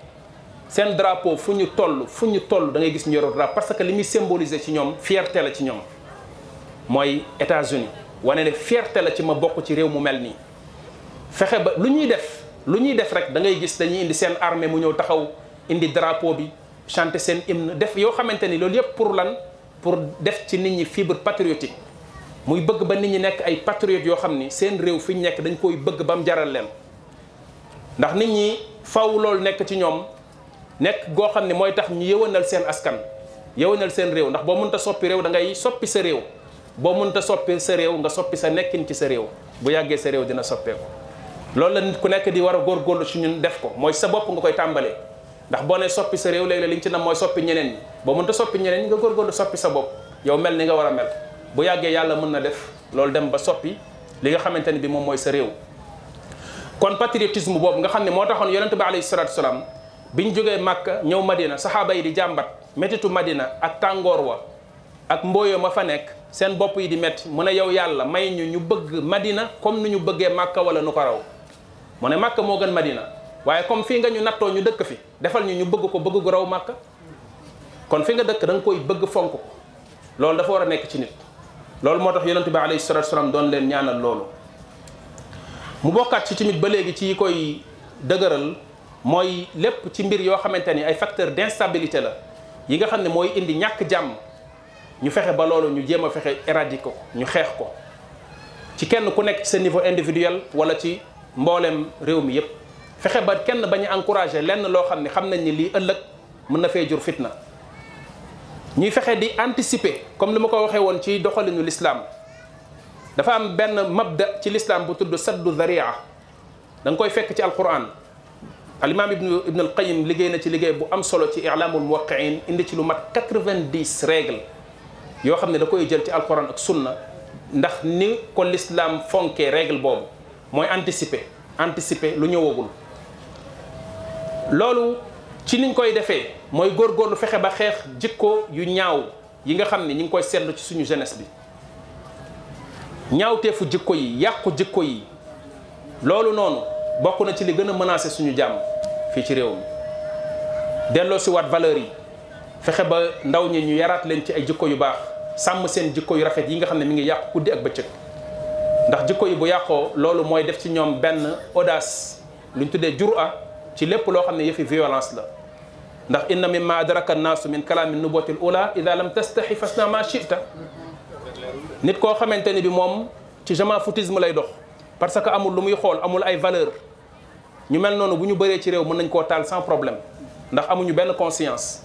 seen drapeau fu ñu toll fu ñu tollu da ngay gis ñu yoroo drapeau parce que li muy symboliser ci ñoom fierté la ci ñoom mooy États-Unis wane ne fierté la ci ma bokk ci réew mu mel nii fexe ba lu ñuy def lu ñuy def rek dangay gis dañuy indi seen armee mu ñëw taxaw indi drapeau bi chanter seen hymne def yoo xamante ni loolu yëpp pour lan pour def ci nit ñi fibre patriotique muy bëgg ba nit ñi nekk ay patriotes yoo xam ni seen réew fi ñu nekk dañ koy bëgg ba mu jaral leen ndax nit ñi faw loolu nekk ci ñoom nekk goo xam ne mooy tax ñu yëwanal seen askan yëwanal seen réew ndax boo mënta soppi réew da ngay soppi sa réew boo mënta soppi sa réew nga soppi sa nekkin ci sa réew bu yàggee sa réew dina soppeeku. loolu la nit ku nekk di war a góor góorgóorlu si ñun def ko mooy sa bopp nga koy tàmbalee ndax boo ne soppi sa réew léeg-léeg li ñu ci nam mooy soppi ñeneen ñi boo mënta soppi ñeneen ñi nga góorgóorlu soppi sa bopp yow mel ni nga war a mel bu yàggee yàlla mën na def loolu dem ba soppi li nga xamante ne bi moom mooy sa réew kon patriotisme boobu nga xam ne moo taxoon yonent bi alayhi salaatu salaam bi ñu jógee Màkka ñëw Madina saxaaba yi di jàmbat métitu Madina ak tàngoor wa ak mbooyo ma fa nekk seen bopp yi di métti mu a yow yàlla may ñu ñu bëgg Madina comme ni ñu bëggee Màkka wala nu ko raw mu ne màkk moo gën madina waaye comme fii nga ñu nattoo ñu dëkk fi defal ñu ñu bëgg ko bëgg gu raw màkk kon fi nga dëkk da nga koy bëgg fonk ko loolu dafa war a nekk ci nit loolu moo tax yonente bi alayhi salatu salaam doon leen ñaanal loolu mu bokkaat ci tamit ba léegi ci koy dëgëral mooy lépp ci mbir yoo xamante ni ay facteur d'instabilité la yi nga xam ne mooy indi ñàkk jàmm ñu fexe ba loolu ñu jéem a fexe éradiquer ko ñu xeex ko ci kenn ku nekk ci sa niveau individuel wala ci mbollem rew mi yëpp fexe ba kenn bañu encourager lenn lo xam xamnañ ni li ëlëk mën na fee jur fitna ñuy fexe di anticiper comme lima ko waxé won ci doxalinu l'islam dafa am ben mabda ci l'islam bu tuddu saddu dharia dang koy fekk ci alquran al imam ibn ibn al qayyim ligéy na ci ligéy bu am solo ci i'lamul muwaqqiin indi ci lu mat 90 règles yo xam da koy jël ci alquran ak sunna ndax ni ko l'islam fonké règle bobu mooy anticiper anticiper lu ñëwagul loolu ci niñ koy defee mooy góorgóorlu fexe ba xeex jikko yu ñaaw yi nga xam ne ñu ngi koy seetlu ci suñu jeunesse bi ñaawteefu jikko yi yàqu jikko yi loolu noonu bokk na ci li gën a menacer suñu jàmm fii ci réew mi delloo si waat valeurs yi fexe ba ndaw ñi ñu yaraat leen ci ay jikko yu baax sàmm seen jikko yu rafet yi nga xam ne mi ngi yàqu guddi ak bëccëg ndax jikko yi bu yàqoo loolu mooy def ci ñoom benn audace lu ñu tuddee jura ci lépp loo xam ne yëfi violence la ndax inna mimma adraka annaasu min kalaami nubuwati l ula ida lam tastahi fasna ma chita nit koo xamante ni bi moom ci jaman foutisme lay dox parce que amul lu muy xool amul ay valeur ñu mel noonu bu ñu bëree ci réew mën nañ koo taal sans problème ndax amuñu benn conscience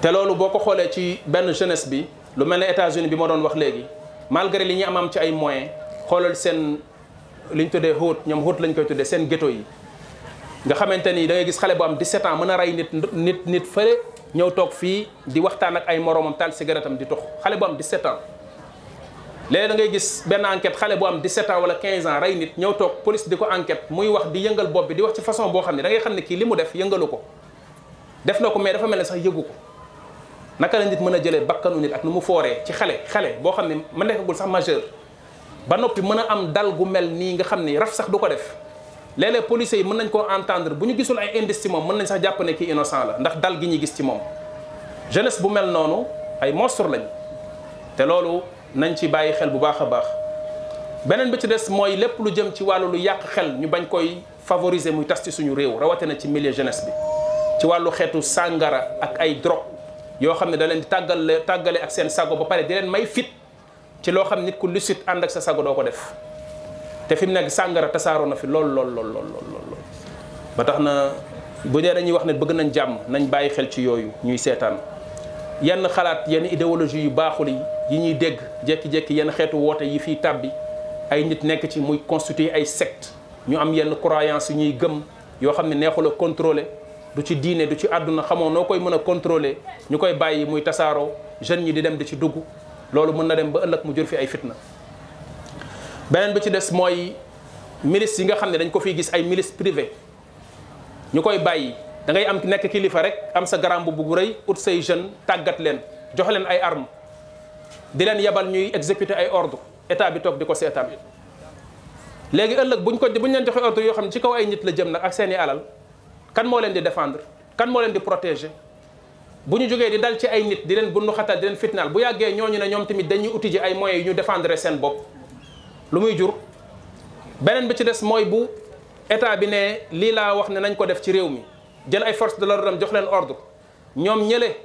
te loolu boo ko xoolee ci benn jeunesse bi lu mel ne États-Unis bi ma doon wax léegi malgré li ñu am am ci ay moyens xoolal seen li ñu tuddee xóot ñoom xóot lañ koy tuddee seen ghetto yi nga xamante ni da gis xale boo am 17 ans mën a rey nit nit nit fële ñëw toog fii di waxtaan ak ay moroomam taal cigarette am di tux xale bu am da ngay gis benn enquête xale bu am 17 ans wala 15 ans rey nit ñëw toog police di ko enquête muy wax di yëngal bopp bi di wax ci façon boo xam ne dangay xam ne kii li mu def yëngalu ko def na ko mais dafa mel ne sax yëgu ko naka la nit mën jëlé bakkanu nit ak numu foré ci xale xale bo xamné man nekagul sax majeur ba nopi mën am dal gu mel ni nga xamné raf sax duko def lélé police yi mën nañ ko entendre buñu gisul ay indice ci mën nañ sax jàpp ne ki innocent la ndax dal gi ñi gis ci mom jeunesse bu mel nonu ay monstre lañ te lolu nañ ci bàyyi xel bu baaxa baax benen bi ci dess moy lépp lu jëm ci walu lu yak xel ñu bañ koy favoriser muy tasti ci suñu réew na ci milieu jeunesse bi ci walu xétu sàngara ak ay drogue yoo xam ne da leen di tàggale tàggale ak seen sago ba pare di leen may fit ci loo xam nit ku lucide ànd ak sa sago doo ko def te fi mu nekk sàngara tasaaroo na fi lool lool lool lool ba tax na bu dee dañuy wax ne bëgg nañ jàmm nañu bàyyi xel ci yooyu ñuy seetaan yenn xalaat yenn idéologie yu baaxul yi ñuy dégg jékki-jékki yenn xeetu woote yi fii tàbbi ay nit nekk ci muy constituer ay secte ñu am yenn croyance yu ñuy gëm yoo xam ne neexul a contrôler du ci diine du ci àdduna xamoo noo koy mën a contrôler ñu koy bàyyi muy tasaaroo jeunes ñi di dem di ci dugg loolu mën na dem ba ëllëg mu jur fi ay fitna. beneen bi ci des mooy milice yi nga xam ne dañ ko fiy gis ay milice privé ñu koy bàyyi da ngay am nekk kilifa rek am sa garam bu bu rëy ut say jeunes tàggat leen jox leen ay arm di leen yebal ñuy exécuter ay ordre état bi toog di ko seetaan léegi ëllëg buñ ko buñ leen joxe ordre yoo xam ne ci kaw ay nit la jëm nag ak seeni alal. kan mo leen di défendre kan mo leen di protéger bu ñu jógee di dal ci ay nit di leen bundu xatal di bu ay moyens yu ñu défendre seen bopp lu muy jur beneen bi ci des mooy bu état bi ne wax def force de l'ordre jox leen ordre ñoom ñële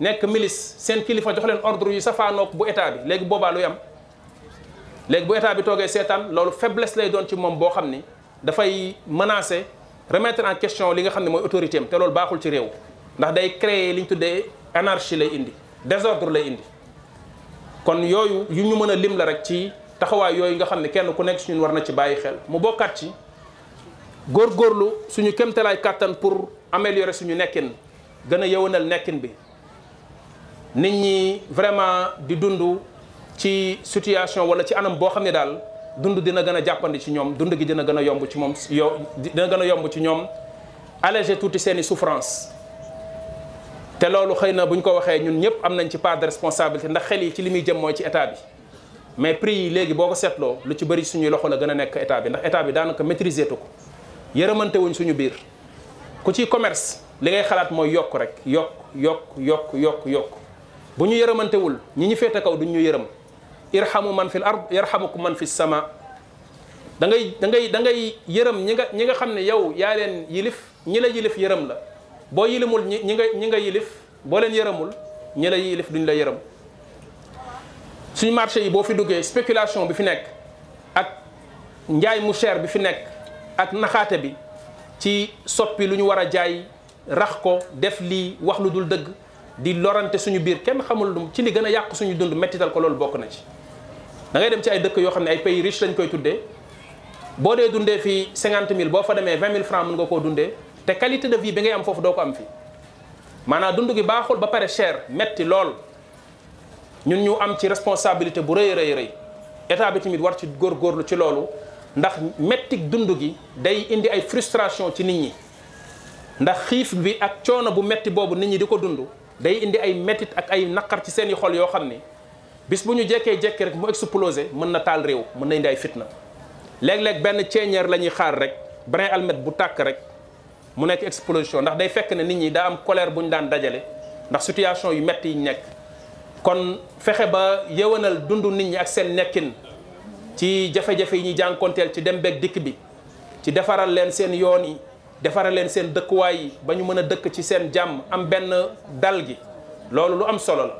nekk milice seen kilifa jox leen ordre yu safaanook bu état bi léegi boobaa lu yam léegi bu état bi faiblesse lay doon ci moom menacer remettre en question li nga xam ne mooy autorité am te loolu baaxul ci réew ndax day créer li ñu tuddee anarchie lay indi désordre lay indi kon yooyu yu ñu mën a lim la rek ci taxawaay yooyu nga xam ne kenn ku nekk suñu war na ci bàyyi xel mu bokkaat ci góor góorgóorlu suñu kéemtalaay kàttan pour améliorer suñu nekkin gën a yëwanal nekkin bi nit ñi vraiment di dund ci situation wala ci anam boo xam ne daal dund dina gën a jàppandi ci ñoom dund gi dina gën a yomb ci moom yo dina gën a yomb ci ñoom alléger tuuti seen i souffrance te loolu xëy na bu ñu ko waxee ñun ñëpp am nañ ci part de responsabilité ndax xel yi ci li muy jëm mooy ci état bi mais prix yi léegi boo ko seetloo lu ci bëri suñuy loxo la gën a nekk état bi ndax état bi daanaka maîtriser tu ko yërëmante wuñ suñu biir ku ci commerce li ngay xalaat mooy yokk rek yokk yokk yokk yokk yokk bu ñu yërëmantewul ñi ñu féete kaw duñ ñu yërëm irhamu man fil ard yarhamukum man fis sama da ngay da ngay da ngay yërëm ñi nga ñi nga yow ya len yilif ñi la yilif yërëm la bo yilimul ñi nga ñi nga yilif bo len yërëmul ñi la yilif duñ la yërëm suñu marché yi bo fi duggé spéculation bi fi nek ak njaay mu cher bi fi nek ak naxaate bi ci soppi luñu wara jaay rax ko def li wax lu dul deug di lorante suñu biir kenn xamul lu ci li gën a yàq suñu dund mettital ko loolu bokk na ci da ngay dem ci ay dëkk yoo xam ne ay pays riche lañu koy tuddee boo dee dundee fii cinquante mille boo fa demee vingt mille francs mën nga koo dundee te qualité de vie bi ngay am foofu doo ko am fii maanaam dund gi baaxul ba pare cher metti lool ñun ñu am ci responsabilité bu rëy rëy rëy état bi tamit war ci góor góorgóorlu ci loolu ndax metti dund gi day indi ay frustration ci nit ñi ndax xiif bi ak coono bu metti boobu nit ñi di ko dund day indi ay métit ak ay naqar ci seeni xol yoo xam ne bis bu ñu jekkee jekki rek mu explosé mën na taal réew mën na indi ay fitna léeg-léeg benn ceeñeer la ñuy xaar rek brin almet bu tàkk rek mu nekk explosion ndax day fekk ne nit ñi daa am colère bu ñu daan dajale ndax situation yu métti yi nekk kon fexe ba yëwanal dund nit ñi ak seen nekkin ci jafe-jafe yi ñuy jànkonteel ci dem beeg dikk bi ci defaral leen seen yoon yi defara leen seen dëkkuwaay ba ñu mën a dëkk ci seen jàmm am benn dal gi loolu lu am solo la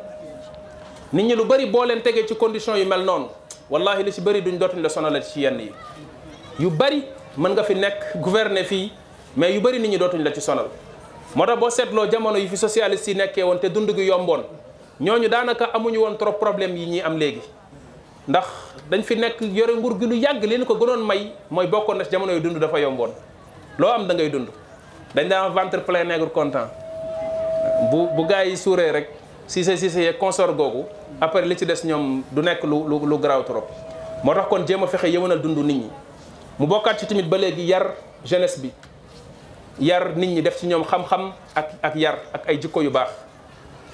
nit ñi lu bari boo leen tegee ci condition yu mel noonu wallahi lu si bëri duñ dootuñ la sono sonal ci yenn yi yu bari mën nga fi nekk gouverner fii mais yu bari nit ñi dootuñ la ci sonal moo tax boo seetloo jamono yi fi socialiste si nekkee woon te dund gi yomboon ñooñu daanaka amuñu woon trop problème yi ñuy am léegi ndax dañ fi nekk yore nguur gi lu yàgg li ñu ko gënoon may mooy bokkoon na jamono yu dund dafa yomboon lo am da ngay dund dañ da am ventre plein nègre content bu bu gaay yi suuree rek c'est si c'est consort gogou après li ci des ñom du nek lu lu lu trop motax kon jema fexé yewonal dundu nit ñi mu bokkat ci timit ba légui yar jeunesse bi yar nit ñi def ci ñom xam-xam ak ak yar ak ay jikko yu baax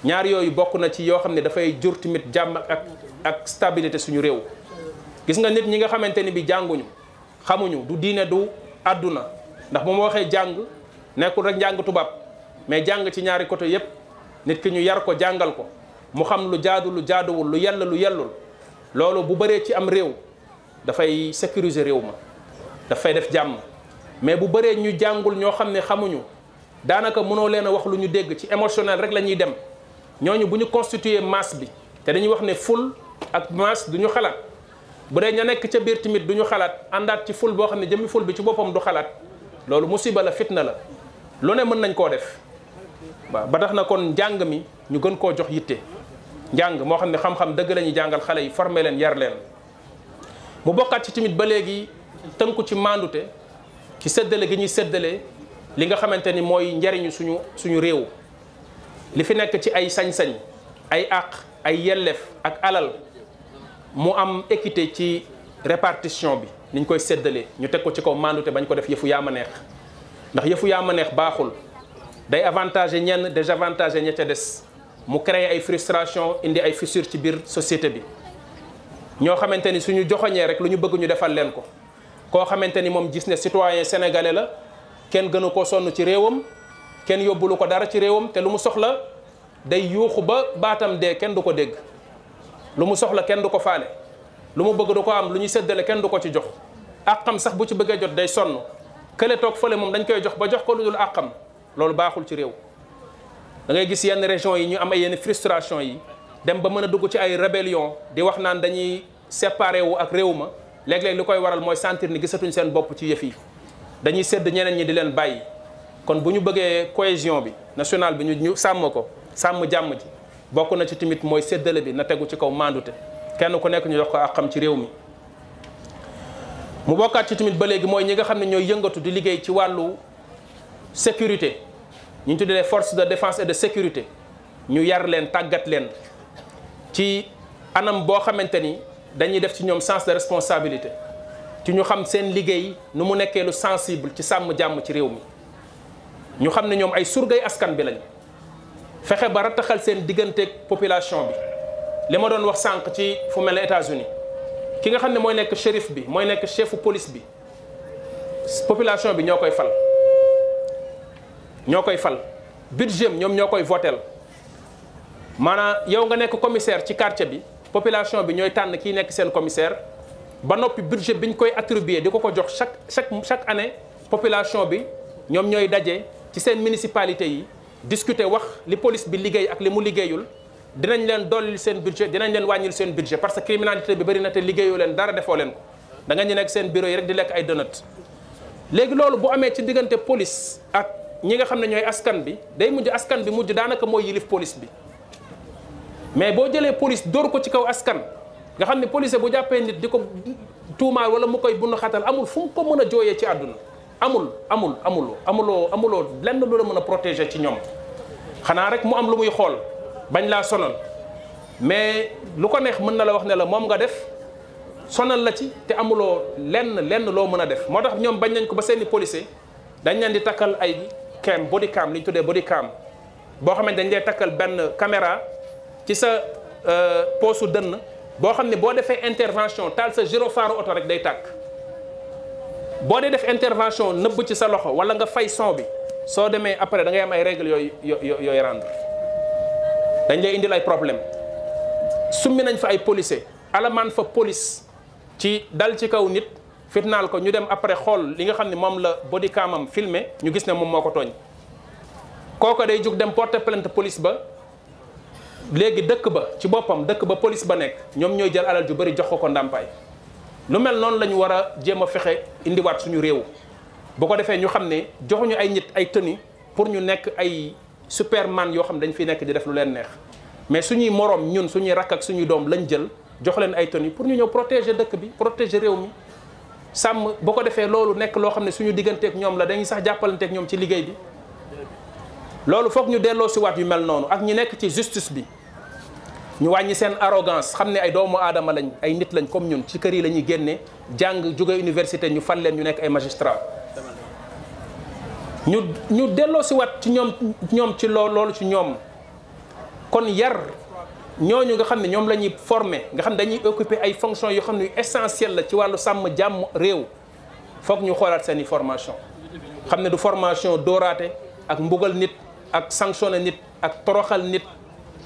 ñaar yoyu bokku na ci yo xam da fay jur timit jam ak ak stabilité suñu rew gis nga nit ñi nga xamanteni bi jànguñu xamuñu du diiné du aduna ndax bu ma waxee jàng nekkul rek njàng tubaab mais jàng ci ñaari côté yépp nit ki ñu yar ko jàngal ko mu xam lu jaadu lu jaaduwul lu yàlla lu yàllul loolu bu bëree ci am réew dafay sécuriser réew ma dafay def jàmm mais bu bëree ñu jàngul ñoo xam ne xamuñu daanaka mënoo leen a wax lu ñu dégg ci émotionnel rek la ñuy dem ñooñu bu ñu constituer masse bi te dañuy wax ne ful ak masse du ñu xalaat bu dee ña nekk ca biir tamit duñu xalaat àndaat ci ful boo xam ne jëmmi ful bi ci boppam du xalaat loolu musiba la fitna la lu ne mën nañ koo def waaw ba tax na kon njàng mi ñu gën koo jox yitte njàng moo xam ne xam-xam dëgg la jàngal xale yi formé leen yar leen mu bokkaat ci tamit ba léegi tënku ci maandute ci séddale gi ñuy séddale li nga xamante ni mooy njariñu suñu suñu réew li fi nekk ci ay sañ-sañ ay àq ay yelleef ak alal mu am équité ci répartition bi niñ koy séddalee ñu teg ko ci kaw mandute bañ ko def yëfu yaa neex ndax yëfu yaa ma neex baaxul day avantage ñenn désavantage ña ca des mu créer ay frustration indi ay fissure ci biir société bi ñoo xamante ni suñu joxoñee rek lu ñu bëgg ñu defal leen ko koo xamante ni moom gis ne citoyen sénégalais la kenn gënu ko sonn ci réewam kenn yóbbulu ko dara ci réewam te lu mu soxla day yuuxu ba baatam dee kenn du ko dégg lu mu soxla kenn du ko faale lu mu bëgg du ko am lu ñuy séddale kenn du ko ci jox àqam sax bu ci bëggee jot day sonn kële toog fële moom dañ koy jox ba jox ko lu dul xam loolu baaxul ci réew da ngay gis yenn région yi ñu amee yenn frustration yi dem ba mën a dugg ci ay rébellion di wax naan dañuy séparé wu ak réew ma léeg-léeg li koy waral mooy sentir ni gisatuñ seen bopp ci yëf yi dañuy sedd ñeneen ñi di leen bàyyi kon bu ñu bëggee cohésion bi nationale bi ñu ñu sàmm ko sàmm jàmm ji bokk na ci tamit mooy séddale bi na tegu ci kaw maandute kenn ku nekk ñu jox ko ak xam ci réew mi mu bokkaat ci tamit ba léegi mooy ñi nga xam ne ñooy yëngatu di liggéey ci wàllu sécurité ñu tuddee force de défense et de sécurité ñu yar leen tàggat leen ci anam boo xamante ni dañuy def ci ñoom sens de responsabilité ci ñu xam seen liggéey nu mu nekkee lu sensible ci sàmm jàmm ci réew mi ñu xam ne ñoom ay surgay askan bi lañ fexe ba rattaxal seen digganteeg population bi li ma doon wax sànq ci fu mel États-Unis ki nga xam ne mooy nekk shérif bi mooy nekk chefu police bi population bi ñoo koy fal ñoo koy fal budget ñoom ñoo koy votel maanaam yow nga nekk commissaire ci quartier bi population bi ñooy tànn kii nekk seen commissaire ba noppi budget biñ koy attribuer di ko ko jox chaque chaque chaque année population bi ñoom ñooy daje ci seen municipalité yi discuter wax li police bi liggéey ak li mu liggéeyul dinañ leen dollil seen budget dinañ leen wàññil seen budget parce que criminalité bi bëri na te liggéeyoo leen dara defoo leen danga da nekk seen bureau yi rek di lekk ay donut léegi loolu bu amee ci diggante police ak ñi nga xam ne ñooy askan bi day mujj askan bi mujj daanaka mooy yilif police bi mais boo jëlee police dóor ko ci kaw askan nga xam ne policier bu jàppee nit di ko tuumaal wala mu koy bunn xatal amul fu mu ko mën a jooyee ci àdduna amul amul amul amuloo amuloo lenn lu mën a protéger ci ñoom xanaa rek mu am lu muy xool bañ laa sonal mais lu ko neex mën na la wax ne la moom nga def sonal la ci te amuloo lenn lenn loo mën a def moo tax ñoom bañ lañ ko ba seeni policier dañ leen di takkal ay cam body cam li ñu tuddee body cam boo xam ne dañ lay takkal benn caméra ci sa euh, poosu dënn boo xam ne boo defee intervention taal sa gyrophare oto rek day tàkk boo dee def intervention nëbb ci sa loxo wala nga fay son bi soo demee après da ngay am ay règles yooyu yooyu rendre dañ lay indil ay problème summi nañ fa ay policier alamaan fa police ci dal ci kaw nit fitnaal ko ñu dem après xool li nga xam ne moom la body cam am filmé ñu gis ne moom moo ko tooñ kooko day jóg dem porter plainte police ba léegi dëkk ba ci boppam dëkk ba police ba nekk ñoom ñooy jël alal ju bëri jox ko ko ndàmpaay lu mel noonu lañu ñu war a jéem a fexe indiwaat suñu réew bu ko defee ñu xam ne joxuñu ay nit ay tenue pour ñu nekk ay superman yoo xam ne dañ fi nekk di def lu leen neex mais suñuy moroom ñun suñuy rakk ak suñuy doom lañ jël jox leen ay tenue pour ñu ñëw protéger dëkk bi protéger réew mi sàmm boo ko defee loolu nekk loo xam ne suñu digganteeg ñoom la dañuy sax jàppalanteeg ñoom ci liggéey bi loolu foog ñu delloo si waat yu mel noonu ak ñu nekk ci justice bi ñu wàññi seen arrogance xam ne ay doomu aadama lañ ay nit lañ comme ñun ci kër yi lañuy ñuy génne jàng jóge université ñu fal leen ñu nekk ay magistrat ñu ñu delloo si wat ci ñoom ñoom ci loo loolu ci ñoom kon yar ñooñu nga xam ne ñoom la ñuy formé nga xam ne dañuy occuper ay fonctions yoo xam ne essentiel la ci wàllu sàmm jàmm réew foog ñu xoolaat seen i formation xam ne du formation dooraate ak mbugal nit ak sanctionné nit ak toroxal nit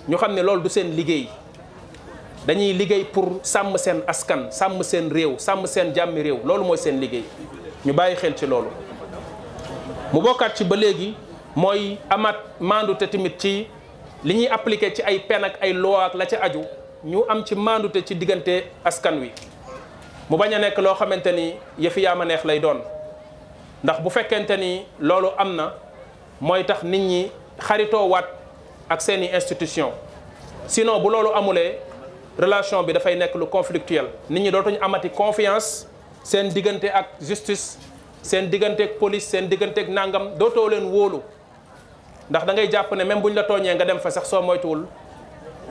ñu xam ne loolu du seen liggéey dañuy liggéey pour sàmm seen askan sàmm seen réew sàmm seen jàmmi réew loolu mooy seen liggéey ñu bàyyi xel ci loolu mu bokkaat ci ba léegi mooy amaat maandu te tamit ci li ñuy appliqué ci ay pen ak ay loi la ca aju ñu am ci maandu te ci diggante askan wi mu bañ a nekk loo xamante ni yëfi yaa neex lay doon ndax bu fekkente ni loolu am na mooy tax nit ñi xaritoo waat ak seeni institution sinon bu loolu amulee relation bi dafay nekk lu conflictuel nit ñi dootuñu amati confiance seen diggante ak justice seen digganteeg police seen digganteeg nangam dootoo leen wóolu ndax dangay ngay jàpp ne même buñ la tooñee nga dem fa sax soo moytuwul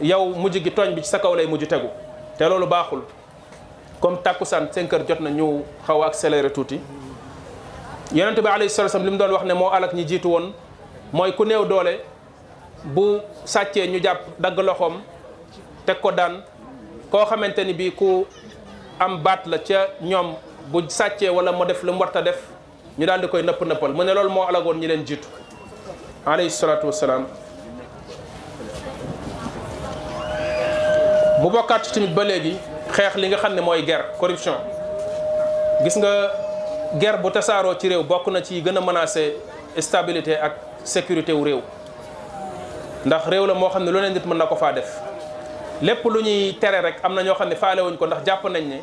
yow mujj gi tooñ bi ci sa kaw lay mujj tegu te loolu baaxul comme tàkkusaan seen kër jot na ñu xaw ak accéléré tuuti yonente bi alayhi salaatu li mu doon wax ne moo alak ñi jiitu woon mooy ku néew doole bu sàccee ñu jàpp dagg loxoom teg ko daan koo xamante ni bii ku am baat la ca ñoom bu sàccee wala ma def lu mu warta def ñu daal di koy nëpp nëppal mu ne loolu moo alagoon ñi leen jiitu alayhi salaatu wasalaam mu bokkaat tamit ba léegi xeex li nga xam ne mooy guerre corruption gis nga guerre bu tasaaroo ci réew bokk na ci gën a menacé stabilité ak sécurité wu réew ndax réew la moo xam ne lu ne nit mën na ko faa def lépp lu ñuy tere rek am na ñoo xam ne faale ko ndax jàpp nañ ne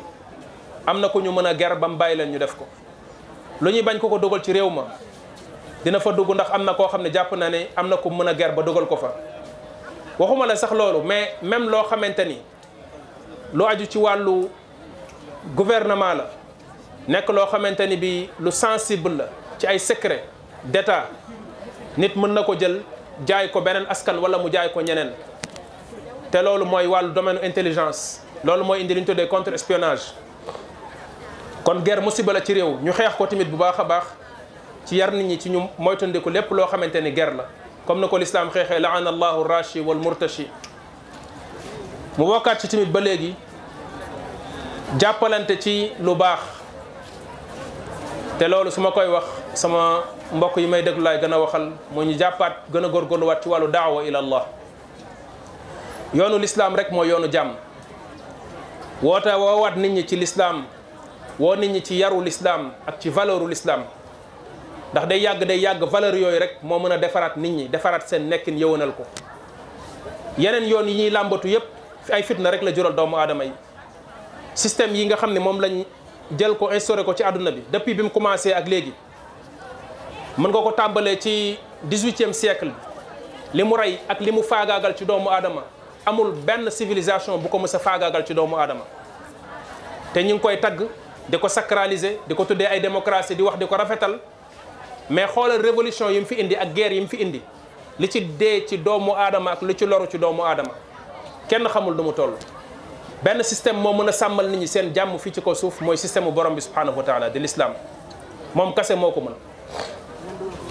am na ko ñu mën a ger ba mu bàyyi leen ñu def ko lu ñuy bañ ko ko dugal ci réew ma dina fa dugg ndax am na koo xam ne jàpp na ne am na ko mën a ger ba dugal ko fa waxuma la sax loolu mais même loo xamante ni lu aju ci wàllu gouvernement la nekk loo xamante ni bi lu sensible la ci ay secret d'état nit mën na ko jël jaay ko beneen askan wala mu jaay ko ñeneen te loolu mooy wàllu domaine intelligence loolu mooy indi li ñu tuddee contre espionnage kon guerre musiba la ci réew ñu xeex ko tamit bu baax a baax ci yar nit ñi ci ñu moytandiku lépp loo xamante ni ger la comme na ko lislaam xeexee laana allahu rashi wal murtashi mu bokkaat ci tamit ba léegi jàppalante ci lu baax te loolu su koy wax sama mbokk yi may déglu laay gën a waxal mu ñu jàppaat gën a góorgóorluwaat ci wàllu daawa ila allah yoonu lislaam rek mooy yoonu jàmm woote woowaat nit ñi ci lislaam woo nit ñi ci yaru lislaam ak ci valeuru lislaam ndax day yàgg day yàgg valeur yooyu rek moo mën a defaraat nit ñi defaraat seen nekkin yëwanal ko yeneen yoon yi ñuy làmbatu yépp ay fitna rek la jural doomu aadama yi système yi nga xam ne moom lañ jël ko instauré ko ci àdduna bi depuis bi mu commencé ak léegi mën nga ko tàmbalee ci dix-huitième siècle bi li mu rey ak li mu faagaagal ci doomu aadama amul benn civilisation bu ko mës a faagaagal ci doomu aadama te ñu ngi koy tagg di ko sacraliser di ko tuddee ay démocratie di wax di ko rafetal mais xoolal révolution yi mu fi indi ak guerre yi mu fi indi li ci dee ci doomu aadama ak li ci loru ci doomu aadama kenn xamul du mu toll benn système moo mën a sàmmal nit ñi seen jàmm fii ci ko suuf mooy système bu borom bi subhanahu wa taala di l'islam moom kase moo ko mën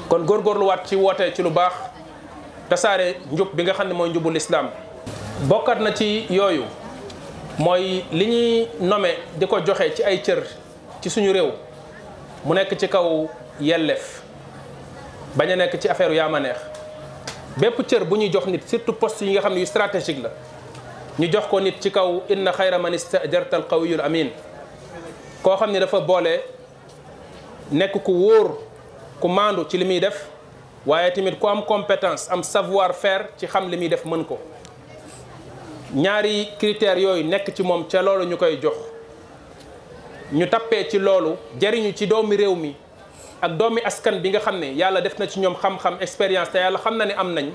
kon góor góorgóorluwaat ci woote ci lu baax tasaare njub bi nga xam ne mooy njubul islam bokkat na ci yooyu mooy li ñuy nome di ko joxe ci ay cër ci suñu réew mu nekk ci kaw yelleef bañ nekk ci affaire yaa ma neex bépp cër bu ñuy jox nit surtout poste yi nga xam ne yu stratégique la ñu jox ko nit ci kaw inna xayra man istajarta al qawiyul amin koo xam ne dafa boole nekk ku wóor ku maandu ci li muy def waaye tamit ku am compétence am savoir faire ci xam li muy def mën ko ñaari critères yooyu nekk ci moom ca loolu ñu koy jox ñu tappee ci loolu jariñu ci doomi réew mi ak doomi askan bi nga xam ne yàlla def na ci ñoom xam-xam expérience te yàlla xam na ne am nañ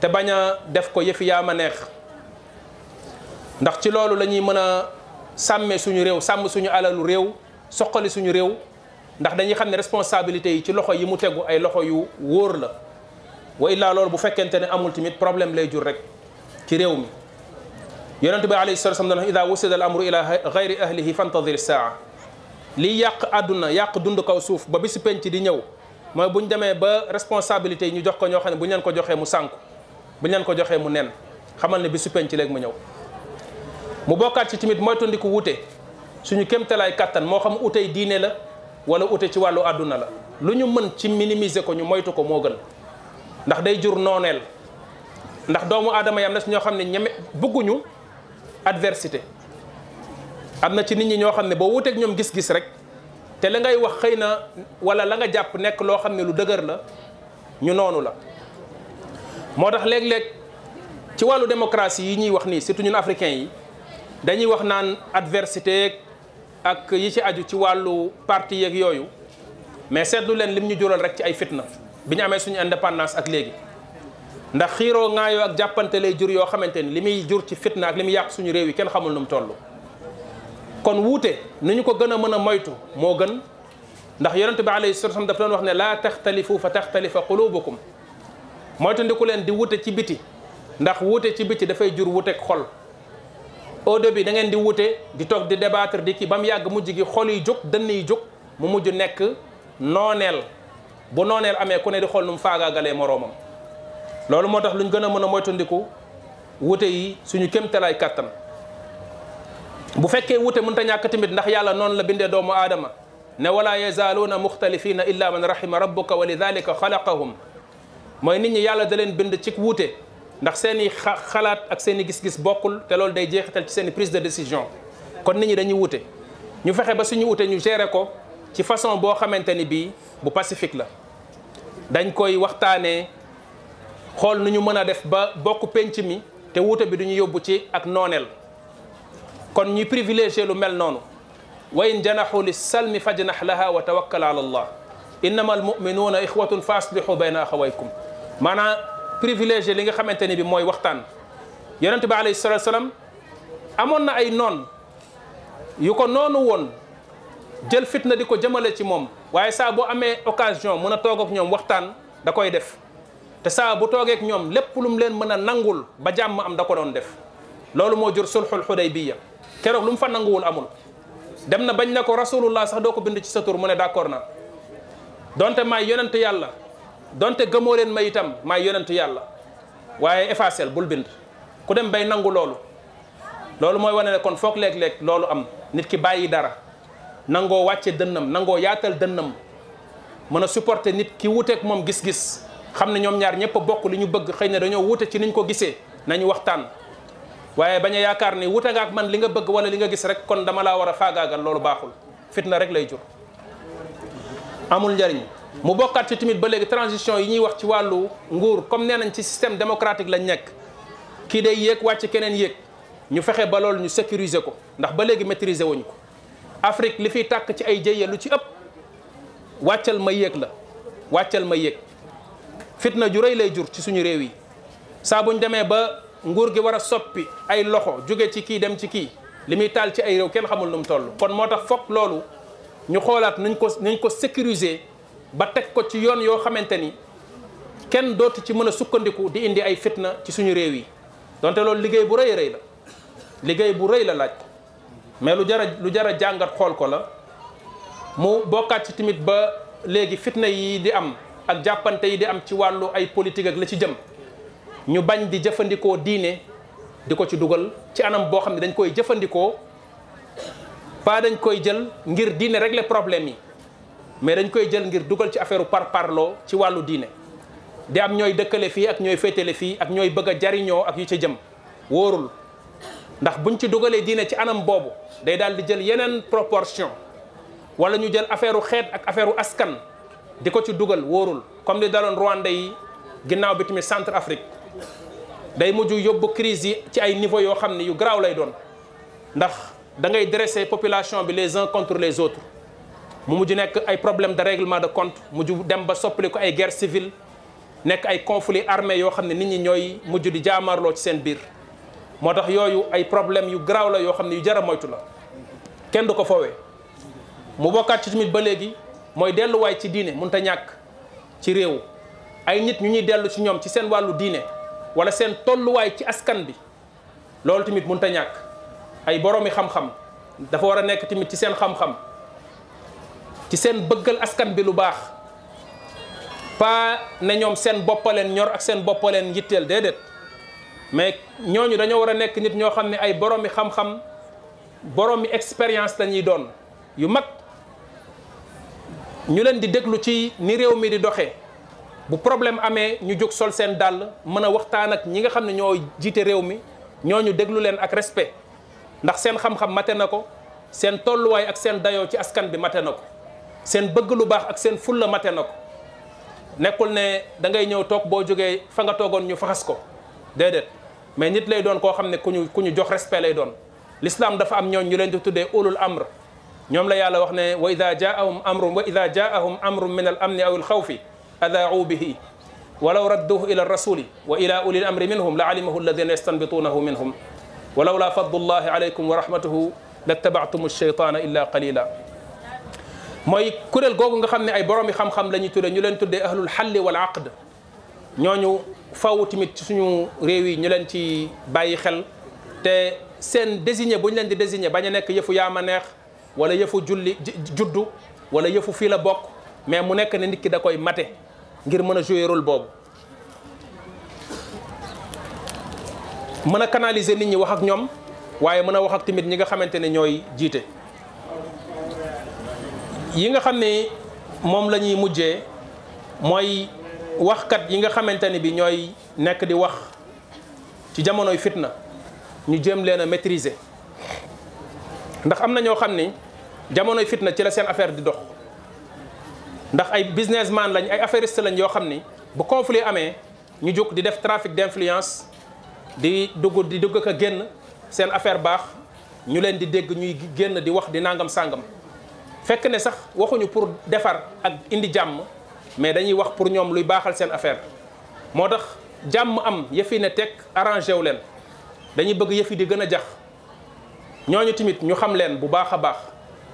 te bañ a def ko yëfi yaa ma neex ndax ci loolu lañuy ñuy mën a sàmmee suñu réew sàmm suñu alalu réew soqali suñu réew ndax dañuy xam ne responsabilité yi ci loxo yi mu tegu ay loxo yu wóor la wa illaa loolu bu fekkente ne amul tamit problème lay jur rek ci réew mi yonent bi alayhi salatu wasallam ida wusida al amru ila gayri ahlihi fantadir saa lii yàq àdduna yàq dund kaw suuf ba bisu penc di ñëw mooy bu ñu demee ba responsabilité yi ñu jox ko ñoo xam ne bu ñu leen ko joxee mu sànku bu ñu ko joxee mu nen xamal ne bisu penc léegi mu ñëw mu bokkaat ci tamit moytandiku wute suñu kéemtalaay kàttan moo xam utey diine la wala ute ci wàllu àdduna la lu ñu mën ci minimiser ko ñu moytu ko moo gën ndax day jur nooneel ndax doomu aadama yi na si ñoo xam ne ñeme bëgguñu adversité am na ci nit ñi ñoo xam ne boo wuteeg ñoom gis-gis rek te la ngay wax xëy na wala la nga jàpp nekk loo xam ne lu dëgër la ñu noonu la moo tax léeg-léeg ci wàllu démocratie yi ñuy wax nii surtout ñun africains yi dañuy wax naan adversité ak yi ci aju ci wàllu parti yeeg yooyu mais seetlu leen li mu ñu jural rek ci ay fitna bi ñu amee suñu indépendance ak léegi ndax xiiroo ŋaayoo ak jàppante lay jur yoo xamante ni li muy jur ci fitna ak li mu yàq suñu réew yi kenn xamul nu mu toll kon wuute ni ñu ko gën a mën a moytu moo gën ndax yonent bi alayhi salaatu wasallam dafa doon wax ne laa taxtalifu fa taxtalifa qulubukum moytandiku leen di wute ci biti ndax wuute ci biti dafay jur wuuteeg xol au début da ngeen di wute di toog di debatre di kii ba mu yàgg mujj gi xol yi jóg dënn yi jóg mu mujj nekk nooneel bu nooneel amee ku ne di xool nu mu faagaagalee moroomam lolu motax luñu gëna mëna gën a moytandiku wute yi suñu kéemtalaay kàttan bu fekke wute mën ta ñak timit ndax yàlla non la bindé doomu adama ne wala yazaluna muxtalifina illa man rahima rabbuka walidhalika lidalika moy nit ñi yàlla da leen bind ci wuté ndax seen xalaat ak seen gis-gis bokul te lolu day jéxatal ci seen prise de décision kon nit ñi dañuy wute ñu fexe ba suñu wute ñu géré ko ci façon bo xamanteni bi bu pacifique la dañ koy waxtané xol nuñu mëna def ba bokku penc mi te wuté bi duñu yóbbu ci ak nonel kon ñi privilégier lu mel nonu wayn janahu lis salmi fajnah laha wa tawakkal ala allah innamal mu'minuna ixwatun fa bayna akhawaykum mana privilégier li nga xamanteni bi moy waxtan yaronte bi alayhi salatu salaam amon na ay non yu ko nonu won jël fitna diko ko jëmale ci mom waye sa bo amé occasion mëna a toog ak ñoom waxtaan da koy def te saa bu toogeek ñoom lépp lu mu leen mën a nangul ba jàmm am da ko doon def loolu moo jur sulxul xudaybiya keroog lu mu fa nanguwul amul dem na bañ na ko rasulullah sax doo ko bind ci sa tur mu ne d'accord na donte maay yonent yàlla donte gëmoo leen ma itam maay yonent yàlla waaye effacel bul bind ku dem bay nangu loolu loolu mooy wane ne kon foog léeg-léeg loolu am nit ki bàyyi dara nangoo wàcce dënnam nangoo yaatal dënnam mën a supporter nit ki wuteek moom gis-gis xam ne ñoom ñaar ñëpp bokk li ñu bëgg xëy na dañoo wute ci niñ ko gisee nañu waxtaan waaye bañ a yaakaar ni wute nga man li nga bëgg wala li nga gis rek kon dama laa war a faagaagal loolu baaxul fitna rek lay jur amul njariñ mu bokkaat ci timit ba léegi transition yi ñuy wax ci wàllu nguur comme nee nañ ci système démocratique lañ nekk kii day yéeg wàcc keneen yéeg ñu fexe ba loolu ñu sécuriser ko ndax ba léegi maîtriser wuñ ko Afrique li fiy tàkk ci ay jëye lu ci ëpp wàccal ma yéeg la wàccal ma yéeg fitna ju rëy lay jur ci suñu réew yi saa buñ demee ba nguur gi war a soppi ay loxo jóge ci kii dem ci kii li muy taal ci ay réew kenn xamul nu mu toll kon moo tax foog loolu ñu xoolaat nuñ ko nuñ ko sécuriser ba teg ko ci yoon yoo xamante ni kenn dootu ci mën a sukkandiku di indi ay fitna ci suñu réew yi donte loolu liggéey bu rëy rëy la liggéey bu rëy la laaj mais lu jara lu jara jàngat xool ko la mu bokkaat ci tamit ba léegi fitna yi di am ak jàppante yi di am ci wàllu ay politique ak la ci jëm ñu bañ di jëfandikoo diine di ko ci dugal ci anam boo xam ne dañ koy jëfandikoo pas dañ koy jël ngir diine régler problème yi mais dañ koy jël ngir dugal ci affaire par parloo ci wàllu diine di am ñooy dëkkale fii ak ñooy féetale fii ak ñooy bëgg a jariñoo ak yu ci jëm wóorul ndax buñ ci dugalee diine ci anam boobu day daal di jël yeneen proportion wala ñu jël affaire xeet ak affaire askan di ko ci dugal wóorul comme li daloon Rwanda yi ginnaaw bi tamit centre Afrique day mujj yóbbu crise yi ci ay niveau yoo xam ne yu garaaw lay doon ndax da ngay dresser population bi les uns contre les autres mu mujj nekk ay problème de règlement de compte mujj dem ba soppali ko ay guerre civile nekk ay conflit armé yoo xam ne nit ñi ñooy mujj di jaamarloo ci seen biir moo tax yooyu ay problème yu garaaw la yoo xam ne yu jar a moytu la kenn du ko foowee mu bokkaat ba léegi mooy delluwaay ci diine mun ta ñàkk ci réew ay nit ñu ñuy dellu ci ñoom ci seen wàllu diine wala seen tolluwaay ci askan bi loolu tamit mun ta ñàkk ay boroomi xam-xam dafa war a nekk tamit ci seen xam-xam ci seen bëggal askan bi lu baax pas ne ñoom seen boppaleen ñor ak seen boppaleen yitteel déedéet mais ñooñu dañoo war a nekk nit ñoo xam ne ay boroomi xam-xam boroomi expérience lañuy doon yu mag. ñu leen di déglu ci ni réew mi di doxee bu problème amee ñu jóg sol seen dàll mën a waxtaan ak ñi nga xam ne ñoo jiite réew mi ñoo ñu déglu leen ak respe ndax seen xam-xam mate na ko seen tolluwaay ak seen dayoo ci askan bi mate na ko seen bëgg lu baax ak seen fulla mate na ko nekkul ne da ngay ñëw toog boo jógee fa nga toogoon ñu faxas ko déedéet mais nit lay doon koo xam ne ku ñu ku ñu jox respe lay doon l'islam dafa am ñooñ ñu leen di tuddee ulul amr ñoom la yàlla wax ne wa ida jaahum amrun wa ida jaahum amrun min al amni aw al xawfi adaau bihi walaw radduhu ila rasuli wa ila uli l amri minhum la alimahu alladina yastanbituunahu minhum walawla fadlu llahi alaykum wa rahmatuhu la tabaatum alcheytaana illa qalila mooy kuréel googu nga xam ne ay boroomi xam-xam la ñuy tuddee ñu leen tuddee ahlul xalli wal aqd ñooñu faw tamit ci suñu réew yi ñu leen ci bàyyi xel te seen désigné bu ñu leen di désigné bañ a nekk yëfu yaa ma neex wala yëfu julli juddu wala yëfu fii la bokk mais mu nekk ne nit ki da koy mate ngir mën a jouer rôle boobu mën a canaliser nit ñi wax ak ñoom waaye mën a wax ak tamit ñi nga xamante ne ñooy jiite yi nga xam ne moom la ñuy mujjee mooy waxkat yi nga xamante ne bi ñooy nekk di wax ci jamonoy fitna ñu jéem leen a maîtriser ndax am na ñoo xam ni jamonoy fitna ci la seen affaire di dox ndax ay businessman lañ ay affairiste lañ yoo xam ni bu conflit amee ñu jóg di def trafic d'influence di dugg di dugg a génn seen affaire baax ñu leen di dégg ñuy génn di wax di nangam sàngam fekk ne sax waxuñu pour defar ak indi jàmm mais dañuy wax pour ñoom luy baaxal seen affaire moo tax jàmm am yëfi ne teg arrangé wu leen dañuy bëgg yëfi di gën a jax ñoñu timit ñu xam leen bu baaxa baax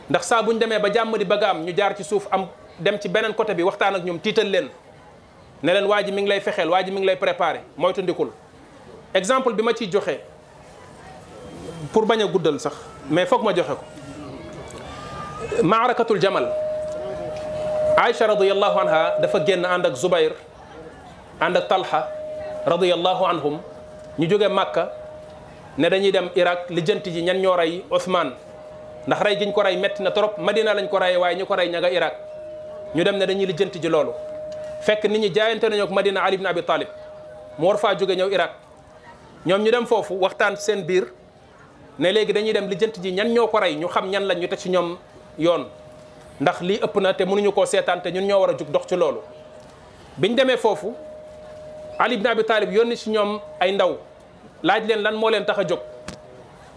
ndax sa bu démé ba jàmm di bagam am ñu jaar ci suuf am dem ci benen côté bi waxtaan ak ñom tital leen ne leen waji mi ngi lay fexel waji mi ngi lay préparé moy tundikul exemple bima ci joxe pour baña guddal sax mais fokk ma joxe ko maarakatul jamal aisha radiyallahu anha dafa génn ànd ak zubayr ànd ak talha radiyallahu anhum ñu jóge màkka ne dañuy dem Irak lijjanti ji ñan ñoo rey Ousmane ndax rey giñ ko rey metti na trop Madina lañ ko reyee waaye ñu ko rey ña nga Irak ñu dem ne dañuy lijjanti ji loolu fekk nit ñi jaayante nañoo ak Madina Ali ibn Abi Talib mu war faa jóge ñëw Irak ñoom ñu dem foofu waxtaan seen biir ne léegi dañuy dem lijjanti ji ñan ñoo ko rey ñu xam ñan lañ ñu teg ci ñoom yoon ndax lii ëpp na te mënuñu ko seetaan te ñun ñoo war a jug dox ci loolu biñ demee foofu Ali ibn Abi Talib yónni ñoom ay ndaw laaj leen lan moo leen tax a jóg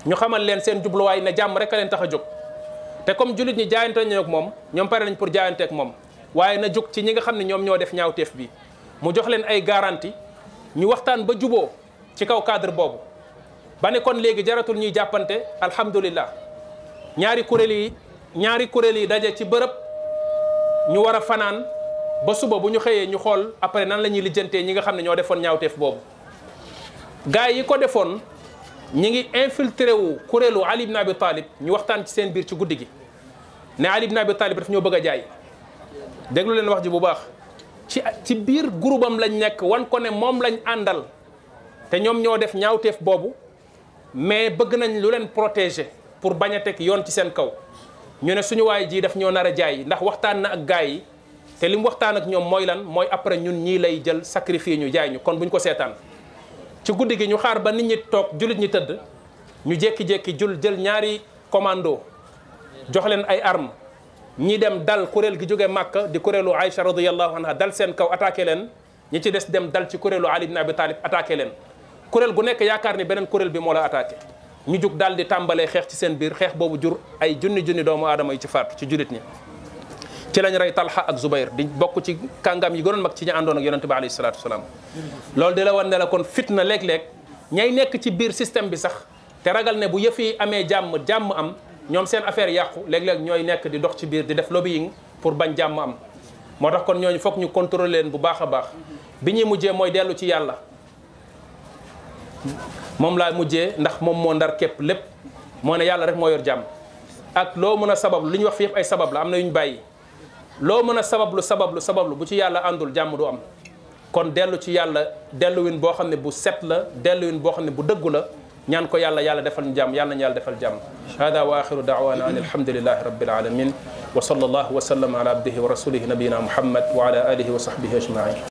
ñu xamal leen seen jubluwaay na jàmm rek a leen tax a jóg te comme jullit ñi jaayante nañu ak moom ñoom pare nañ pour jaayante moom waaye na jóg ci ñi nga xam ne ñoom ñoo def ñaawteef bi mu jox leen ay garantie ñu waxtaan ba juboo ci kaw cadre boobu ba kon léegi jaratul ñuy jàppante alhamdulillah ñaari kuréel yi ñaari kuréel yi daje ci bërëb ñu war a fanaan ba suba bu ñu xëyee ñu xool après nan la ñuy lijjantee ñi nga xam ne ñoo defoon ñaawteef boobu gaa yi ko defoon ñi ngi infiltré wu kuréelu Ali ibn Abi Talib ñu waxtaan ci seen biir ci guddi gi ne Ali ibn Abi Talib daf ñoo bëgg a jaay déglu leen wax ji bu baax ci ci biir groupe lañ nekk wan ko ne moom lañ àndal te ñoom ñoo def ñaawteef boobu mais bëgg nañ lu leen protéger pour bañ teg yoon ci seen kaw ñu ne suñu waay jii daf ñoo nar a jaay ndax waxtaan na ak gaa yi te li mu waxtaan ak ñoom mooy lan mooy après ñun ñii lay jël sacrifice ñu jaay ñu kon buñ ko seetaan. ci guddi gi ñu xaar ba nit ñi toog jullit ñi tëdd ñu jékki-jékki jul jël ñaari commando jox leen ay arm ñi dem dal kuréel gi jóge màkk di kuréelu Aïcha radiyallahu anha dal seen kaw attaqué leen ñi ci des dem dal ci kuréelu Ali ibn Abi Talib attaqué leen kuréel gu nekk yaakaar ni beneen kuréel bi moo la attaqué ñu jug dal di tàmbalee xeex ci seen biir xeex boobu jur ay junni junni doomu aadama yu ci faatu ci jullit ñi ci lañ rey talxa ak Zubair di bokk ci kàngam yi gënoon mag ci ñu àndoon ak yonente bi alayhi salaatu loolu di la wan ne la kon fitna léeg-léeg ñay nekk ci biir système bi sax te ragal ne bu yëf amee jàmm jàmm am ñoom seen affaire yàqu léeg-léeg ñooy nekk di dox ci biir di def lobbying pour bañ jàmm am moo tax kon ñooñu foog ñu contrôler leen bu baax a baax bi ñuy mujjee mooy dellu ci yàlla moom laa mujjee ndax moom moo ndar képp lépp moo ne yàlla rek moo yor jàmm ak loo mën a sabab lu ñu wax fi ay sabab la am na yu ñu bàyyi loo mën a sabablu sabablu sabablu bu ci yàlla àndul jàmm du am kon dellu ci yàlla delluwin boo xam ne bu set la delluwin boo xam ne bu dëggu la ñaan ko yàlla yàlla defal ñu jàmm yàlla nañu yàlla defal jàmm hada wa axiru daawana an alhamdulilahi rabbil alamin wa sallallahu wa sallam ala abdihi wa rasulihi nabiyina muhammad wa ala alihi wa sahbihi ajmain